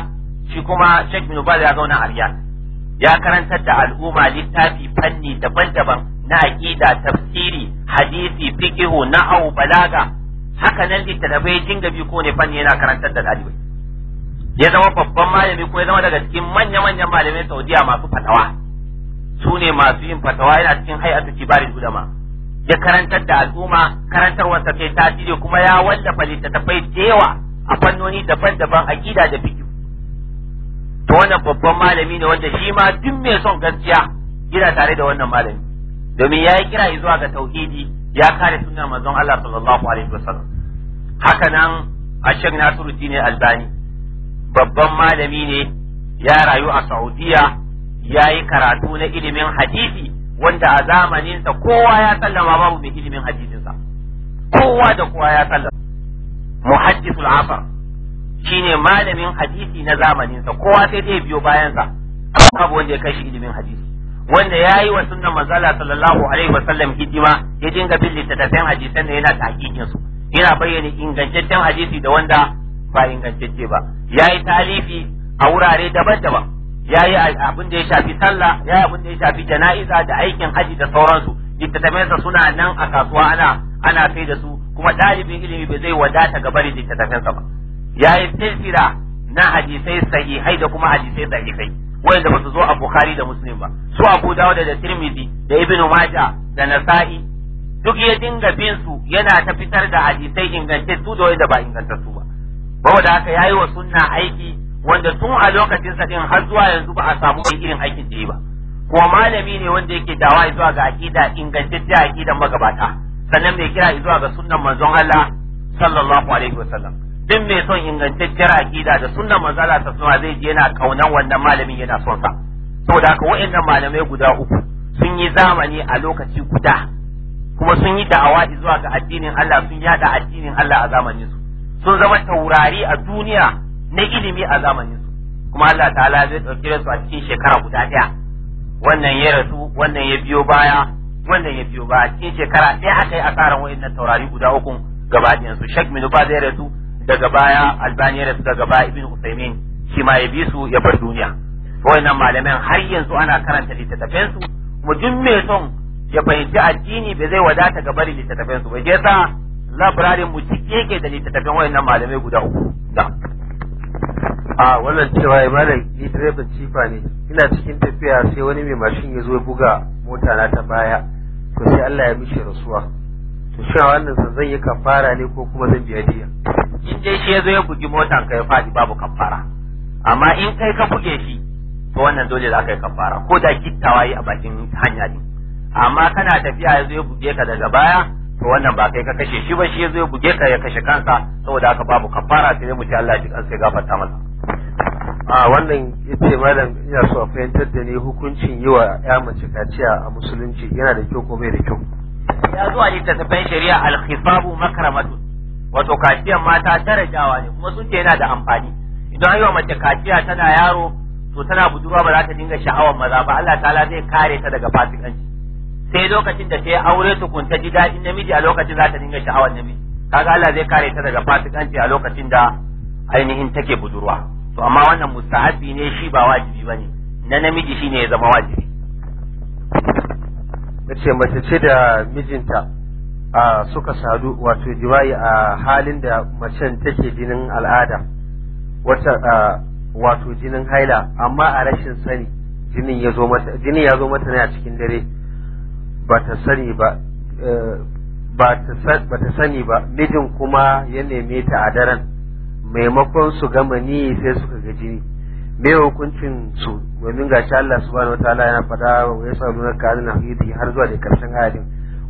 shi kuma Sheikh bin Baz ya zauna a Riyadh ya karantar da al'umma littafi fanni daban-daban na aqida tafsiri hadisi fiqh au balaga haka nan littattafai dinga bi ko fanni yana karantar da dalibai ya zama babban malami ko ya zama daga cikin manya-manyan malamai Saudiya masu fatawa su ne masu yin fatawa yana cikin hay'atu kibarin ulama ya karantar da al'umma karantarwarsa kai tasiri kuma ya wallafa littattafai da yawa a fannoni daban-daban aqida da fiqh to wannan babban malami ne wanda shi ma duk mai son gaskiya gida tare da wannan malami domin ya yi kira zuwa ga tauhidi ya kare sunan manzon Allah sallallahu alaihi wasallam haka nan Ashek Nasiruddin Albani babban malami ne ya rayu a Saudiya ya yi karatu na ilimin hadisi wanda a zamaninsa kowa ya sallama babu mai ilimin hadisinsa kowa da kowa ya sallama muhaddisul afar shine malamin hadisi na zamaninsa kowa sai dai biyo bayansa babu wanda ya kai shi ilimin hadisi wanda ya yi wa sunnan manzala sallallahu alaihi wasallam hidima ya dinga bin littattafan hadisan da yana tahqiqin su yana bayyana ingantaccen hadisi da wanda ba ingantacce ba ya yi talifi a wurare daban-daban yayi abin da ya shafi sallah yi abin da ya shafi jana'iza da aikin haji da sauransu Littattafansa suna nan a kasuwa ana ana sai da su kuma ɗalibin ilimi bai zai wadata ga bari littattafansa ba Ya yi tilfira na hadisai sahihai da kuma hadisai sahihai wanda ba su zo a Bukhari da Muslim ba su Abu Dawud da Tirmidhi da Ibn Majah da Nasa'i duk ya dinga bin su yana ta fitar da hadisai ingantattu da wanda ba ingantattu ba ba da haka yayi wa sunna aiki wanda tun a lokacin sa din har zuwa yanzu ba a samu mai irin aikin da yi ba kuma malami ne wanda yake dawa zuwa ga aqida ingantacciya aqidan magabata sannan mai kira zuwa ga sunnan manzon Allah sallallahu alaihi wasallam din mai son ingantacciyar aqida da sunnan manzon Allah sallallahu zai je yana kaunan wannan malamin yana son sa saboda haka waɗannan malamai guda uku sun yi zamani a lokaci guda kuma sun yi da'awa zuwa ga addinin Allah sun yada addinin Allah a zamanin su sun zama taurari a duniya na ilimi a zamanin su kuma Allah ta'ala zai dauki su a cikin shekara guda daya wannan ya rasu wannan ya biyo baya wannan ya biyo baya cikin shekara ɗaya aka yi asaran wayannan taurari guda uku gaba ɗayan su Sheikh Minuba zai rasu daga baya Albani ya rasu daga baya Ibn Usaimin shi ma ya bi su ya bar duniya wayannan malaman har yanzu ana karanta littattafan su kuma duk mai son ya fahimci addini bai zai wadata ga bari littattafan su bai je sa labrarin mu cike yake da littattafan wayannan malamai guda uku da a wannan cewa ya malam ni direban cifa ne ina cikin tafiya sai wani mai mashin ya zo buga mota na ta baya to sai Allah ya mishi rasuwa to shin wannan san zan yi kafara ne ko kuma zan biya diyya? in dai shi ya zo ya bugi motan ka ya faɗi babu kafara amma in kai ka buge shi to wannan dole za ka yi kafara ko da kittawa yi a bakin hanya din amma kana tafiya ya zo ya buge ka daga baya to wannan ba kai ka kashe shi ba shi ya zo ya buge ka ya kashe kansa saboda haka babu kafara sai dai mu ci Allah shi kan sai gafarta masa a wannan yace malam ina so a fahimtar da ni hukuncin yi wa ya mace kaciya a musulunci yana da kyau ko bai da kyau ya zuwa littattafan shari'a al-khifabu makramatu wato kaciyan mata darajawa ne kuma sun yana da amfani idan yi wa mace kaciya tana yaro to tana budurwa ba za ta dinga sha'awar maza ba Allah ta'ala zai kare ta daga fasikanci sai lokacin da ta aure tukun ta ji daɗin namiji a lokacin za ta dinga sha'awar namiji kaga Allah zai kare ta daga fasikanci a lokacin da ainihin take budurwa to amma wannan musta'abi ne shi ba wajibi bane na namiji shine ya zama wajibi Mace mace ce da mijinta suka sadu wato jima'i a halin da macen take jinin al'ada wata wato jinin haila amma a rashin sani jinin ya zo mata jinin ya zo mata ne a cikin dare Eh, ba ta sani ba mijin kuma ya neme ta a daren maimakon su gama ni sai suka ga jini me hukuncin su domin ga shi Allah subhanahu wataala yana faɗa wa ya sa nuna kalin hidi har zuwa da karshen hadin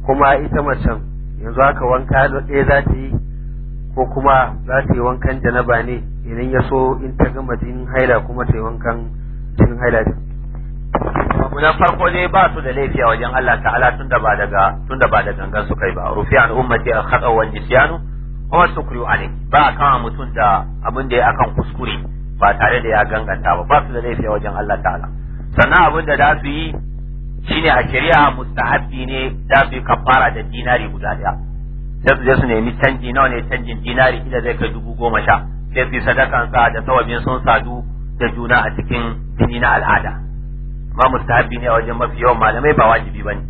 kuma ita macen yanzu haka wanka ɗaya za ta yi ko kuma za ta yi wankan janaba ne idan ya so in ta gama jinin haila kuma ta yi wankan jinin haila abu na farko dai ba su da laifi wajen Allah ta'ala da ba daga da ba da gangan su kai ba rufi an ummati al khata wa nisyanu wa sukru alai ba kama mutum da abin da ya akan kuskure ba tare da ya ganganta ba ba su da laifi a wajen Allah ta'ala sannan abin da za su yi shine a shari'a mustahabbi ne za su yi kafara da dinari guda daya sai su je su nemi canji nawa ne canjin dinari ila zai kai dubu goma sha sai su yi sadakansa da sawabin sun sadu da juna a cikin jini na al'ada ma mustahabi ne a wajen mafi yawan malamai ba wajibi ba ne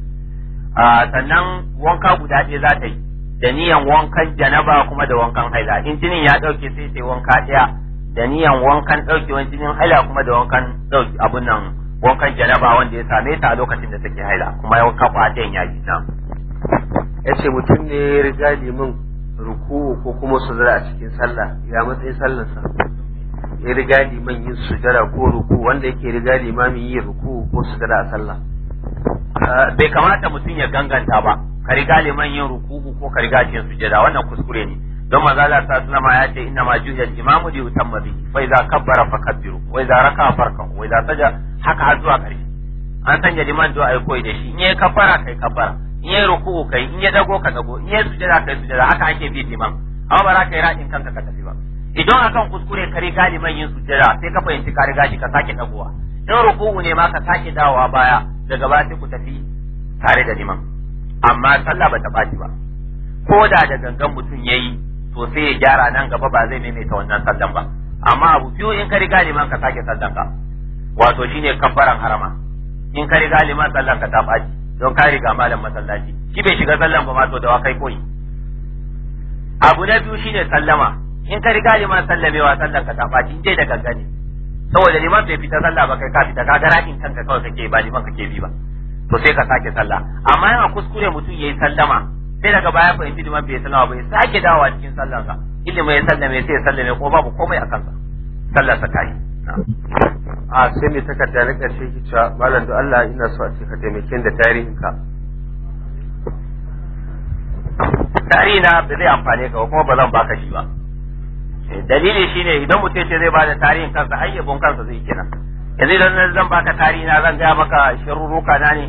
sannan wanka guda ɗaya za ta yi da niyan wankan janaba kuma da wankan haila in jinin ya ɗauke sai sai wanka ɗaya da niyan wankan ɗaukewan jinin haila kuma da wankan ɗauke abun nan wankan janaba wanda ya same ta a lokacin da take haila kuma ya wanka ɗayan ya yi ta. ya ce mutum ne ya riga limin ruku ko kuma su zara a cikin sallah ya matsayin sallarsa ya riga liman yin sujada ko ruku wanda yake riga limamin yin ruku ko sujada a sallah ah, bai kamata mutum ya ganganta ba ka riga liman yin ruku ko ka riga yin sujada wannan kuskure ne don maza da ta sunama ya ce inna ma juya, imamu da yutan mabi wai za kabbara fa kabbiru wai za raka farka wai za saja haka har zuwa ƙarshe an sanya liman zuwa ai koyi da shi in yayi kabbara kai kabbara in yayi ruku kai in ya dago ka dago in yayi sujada kai sujada haka ake bi liman amma ba za ka yi raɗin kanka ka tafi ba idan akan kuskure ka riga liman yin sujjada sai ka fahimci ka riga ka sake dagowa in ruku'u ne ma ka sake dawowa baya daga baya sai ku tafi tare da liman amma sallah bata baci ba ko da da gangan mutum yayi to sai ya gyara nan gaba ba zai maimaita wannan sallan ba amma abu biyu in ka riga liman ka sake sallan ka wato shine kafaran harama in ka riga liman sallan ka ta baci don ka riga malam masallaci shi bai shiga sallan ba ma to da wa kai koyi abu na biyu shine sallama in ka riga liman sallamewa sallar ka tafa faci dai da gangane saboda liman bai fita sallah ba kai ka fita ka gara in kanka kawai kake ba liman kake bi ba to sai ka sake sallah amma yana kuskure mutum yayi sallama sai daga baya fahimci liman bai sallama ba ya sake dawowa cikin sallarsa ilimi ya sallame sai ya sallame ko babu komai a kansa sallar ka yi a sai mai takarda na ƙarshe ki cewa malam da Allah ina so a ce ka taimake da tarihin ka tarihi na ba zai amfane ka ba kuma ba zan baka shi ba dalili shine idan mutum ce zai ba da tarihin kansa ai kansa zai kina yanzu idan zan baka tarihi na zan gaya maka shiruruka na ne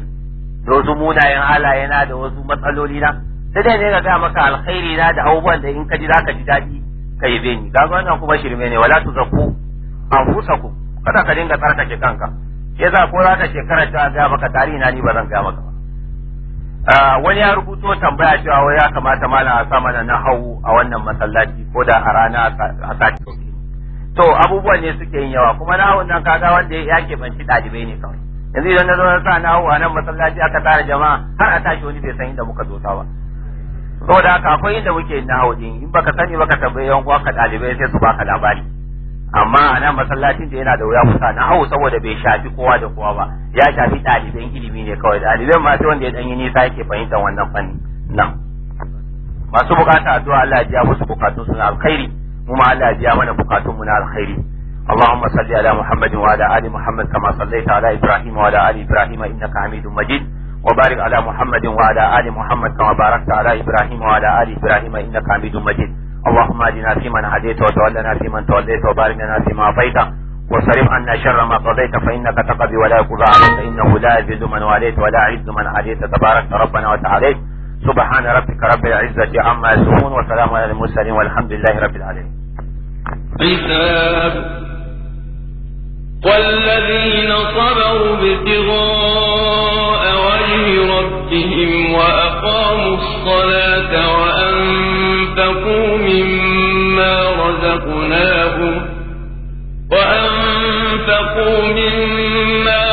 da wasu munayen halaye na da wasu matsaloli na sai dai ne ga gaya maka alkhairi na da abubuwan da in ka ji zaka ji daɗi ka yabe ni kaga wannan kuma shirme ne wala tuzaku anfusakum kada ka dinga tsarkake kanka sai za ko za shekara ta gaya maka tarihi na ni ba zan gaya maka ba Ah, wani ya rubuto tambaya cewa wai ya kamata mana a sa mana na hau a wannan masallaci ko da a rana a sati to abubuwan ne suke yin yawa kuma na hau kaga wanda ya ke banci ɗalibai ne kawai yanzu idan na zo na sa na hau a nan masallaci aka tara jama'a har a tashi wani bai san inda muka zo ba saboda haka akwai inda muke na hau din in baka sani baka tambayi yan uwa ka ɗalibai sai su baka labari amma a nan masallacin da yana da wuya kusa na hau saboda bai shafi kowa da kowa ba ya shafi ɗaliban ilimi ne kawai ɗaliban ma sai wanda ya ɗanyi nisa yake fahimtar wannan fanni nan masu bukata addu'a Allah ya biya musu bukatun su na alkhairi mu ma Allah ya biya mana bukatun mu na alkhairi اللهم صل على محمد وعلى ال محمد كما صليت على ابراهيم وعلى ال ابراهيم انك حميد مجيد وبارك على محمد وعلى ال محمد كما باركت على ابراهيم وعلى ال ابراهيم انك حميد مجيد اللهم اهدنا فيمن هديت وتولنا فيمن توليت وبارك لنا فيما اعطيت وصرف عنا شر ما قضيت فانك تقضي ولا يقضى عليك انه لا يجد من واليت ولا عز من عليت تبارك ربنا وتعاليت سبحان ربك رب العزه عما يصفون وسلام على المرسلين والحمد لله رب العالمين. حساب والذين صبروا ابتغاء وجه ربهم وأقاموا الصلاة وأنفقوا وأنفقوا مما رزقناهم وأنفقوا مما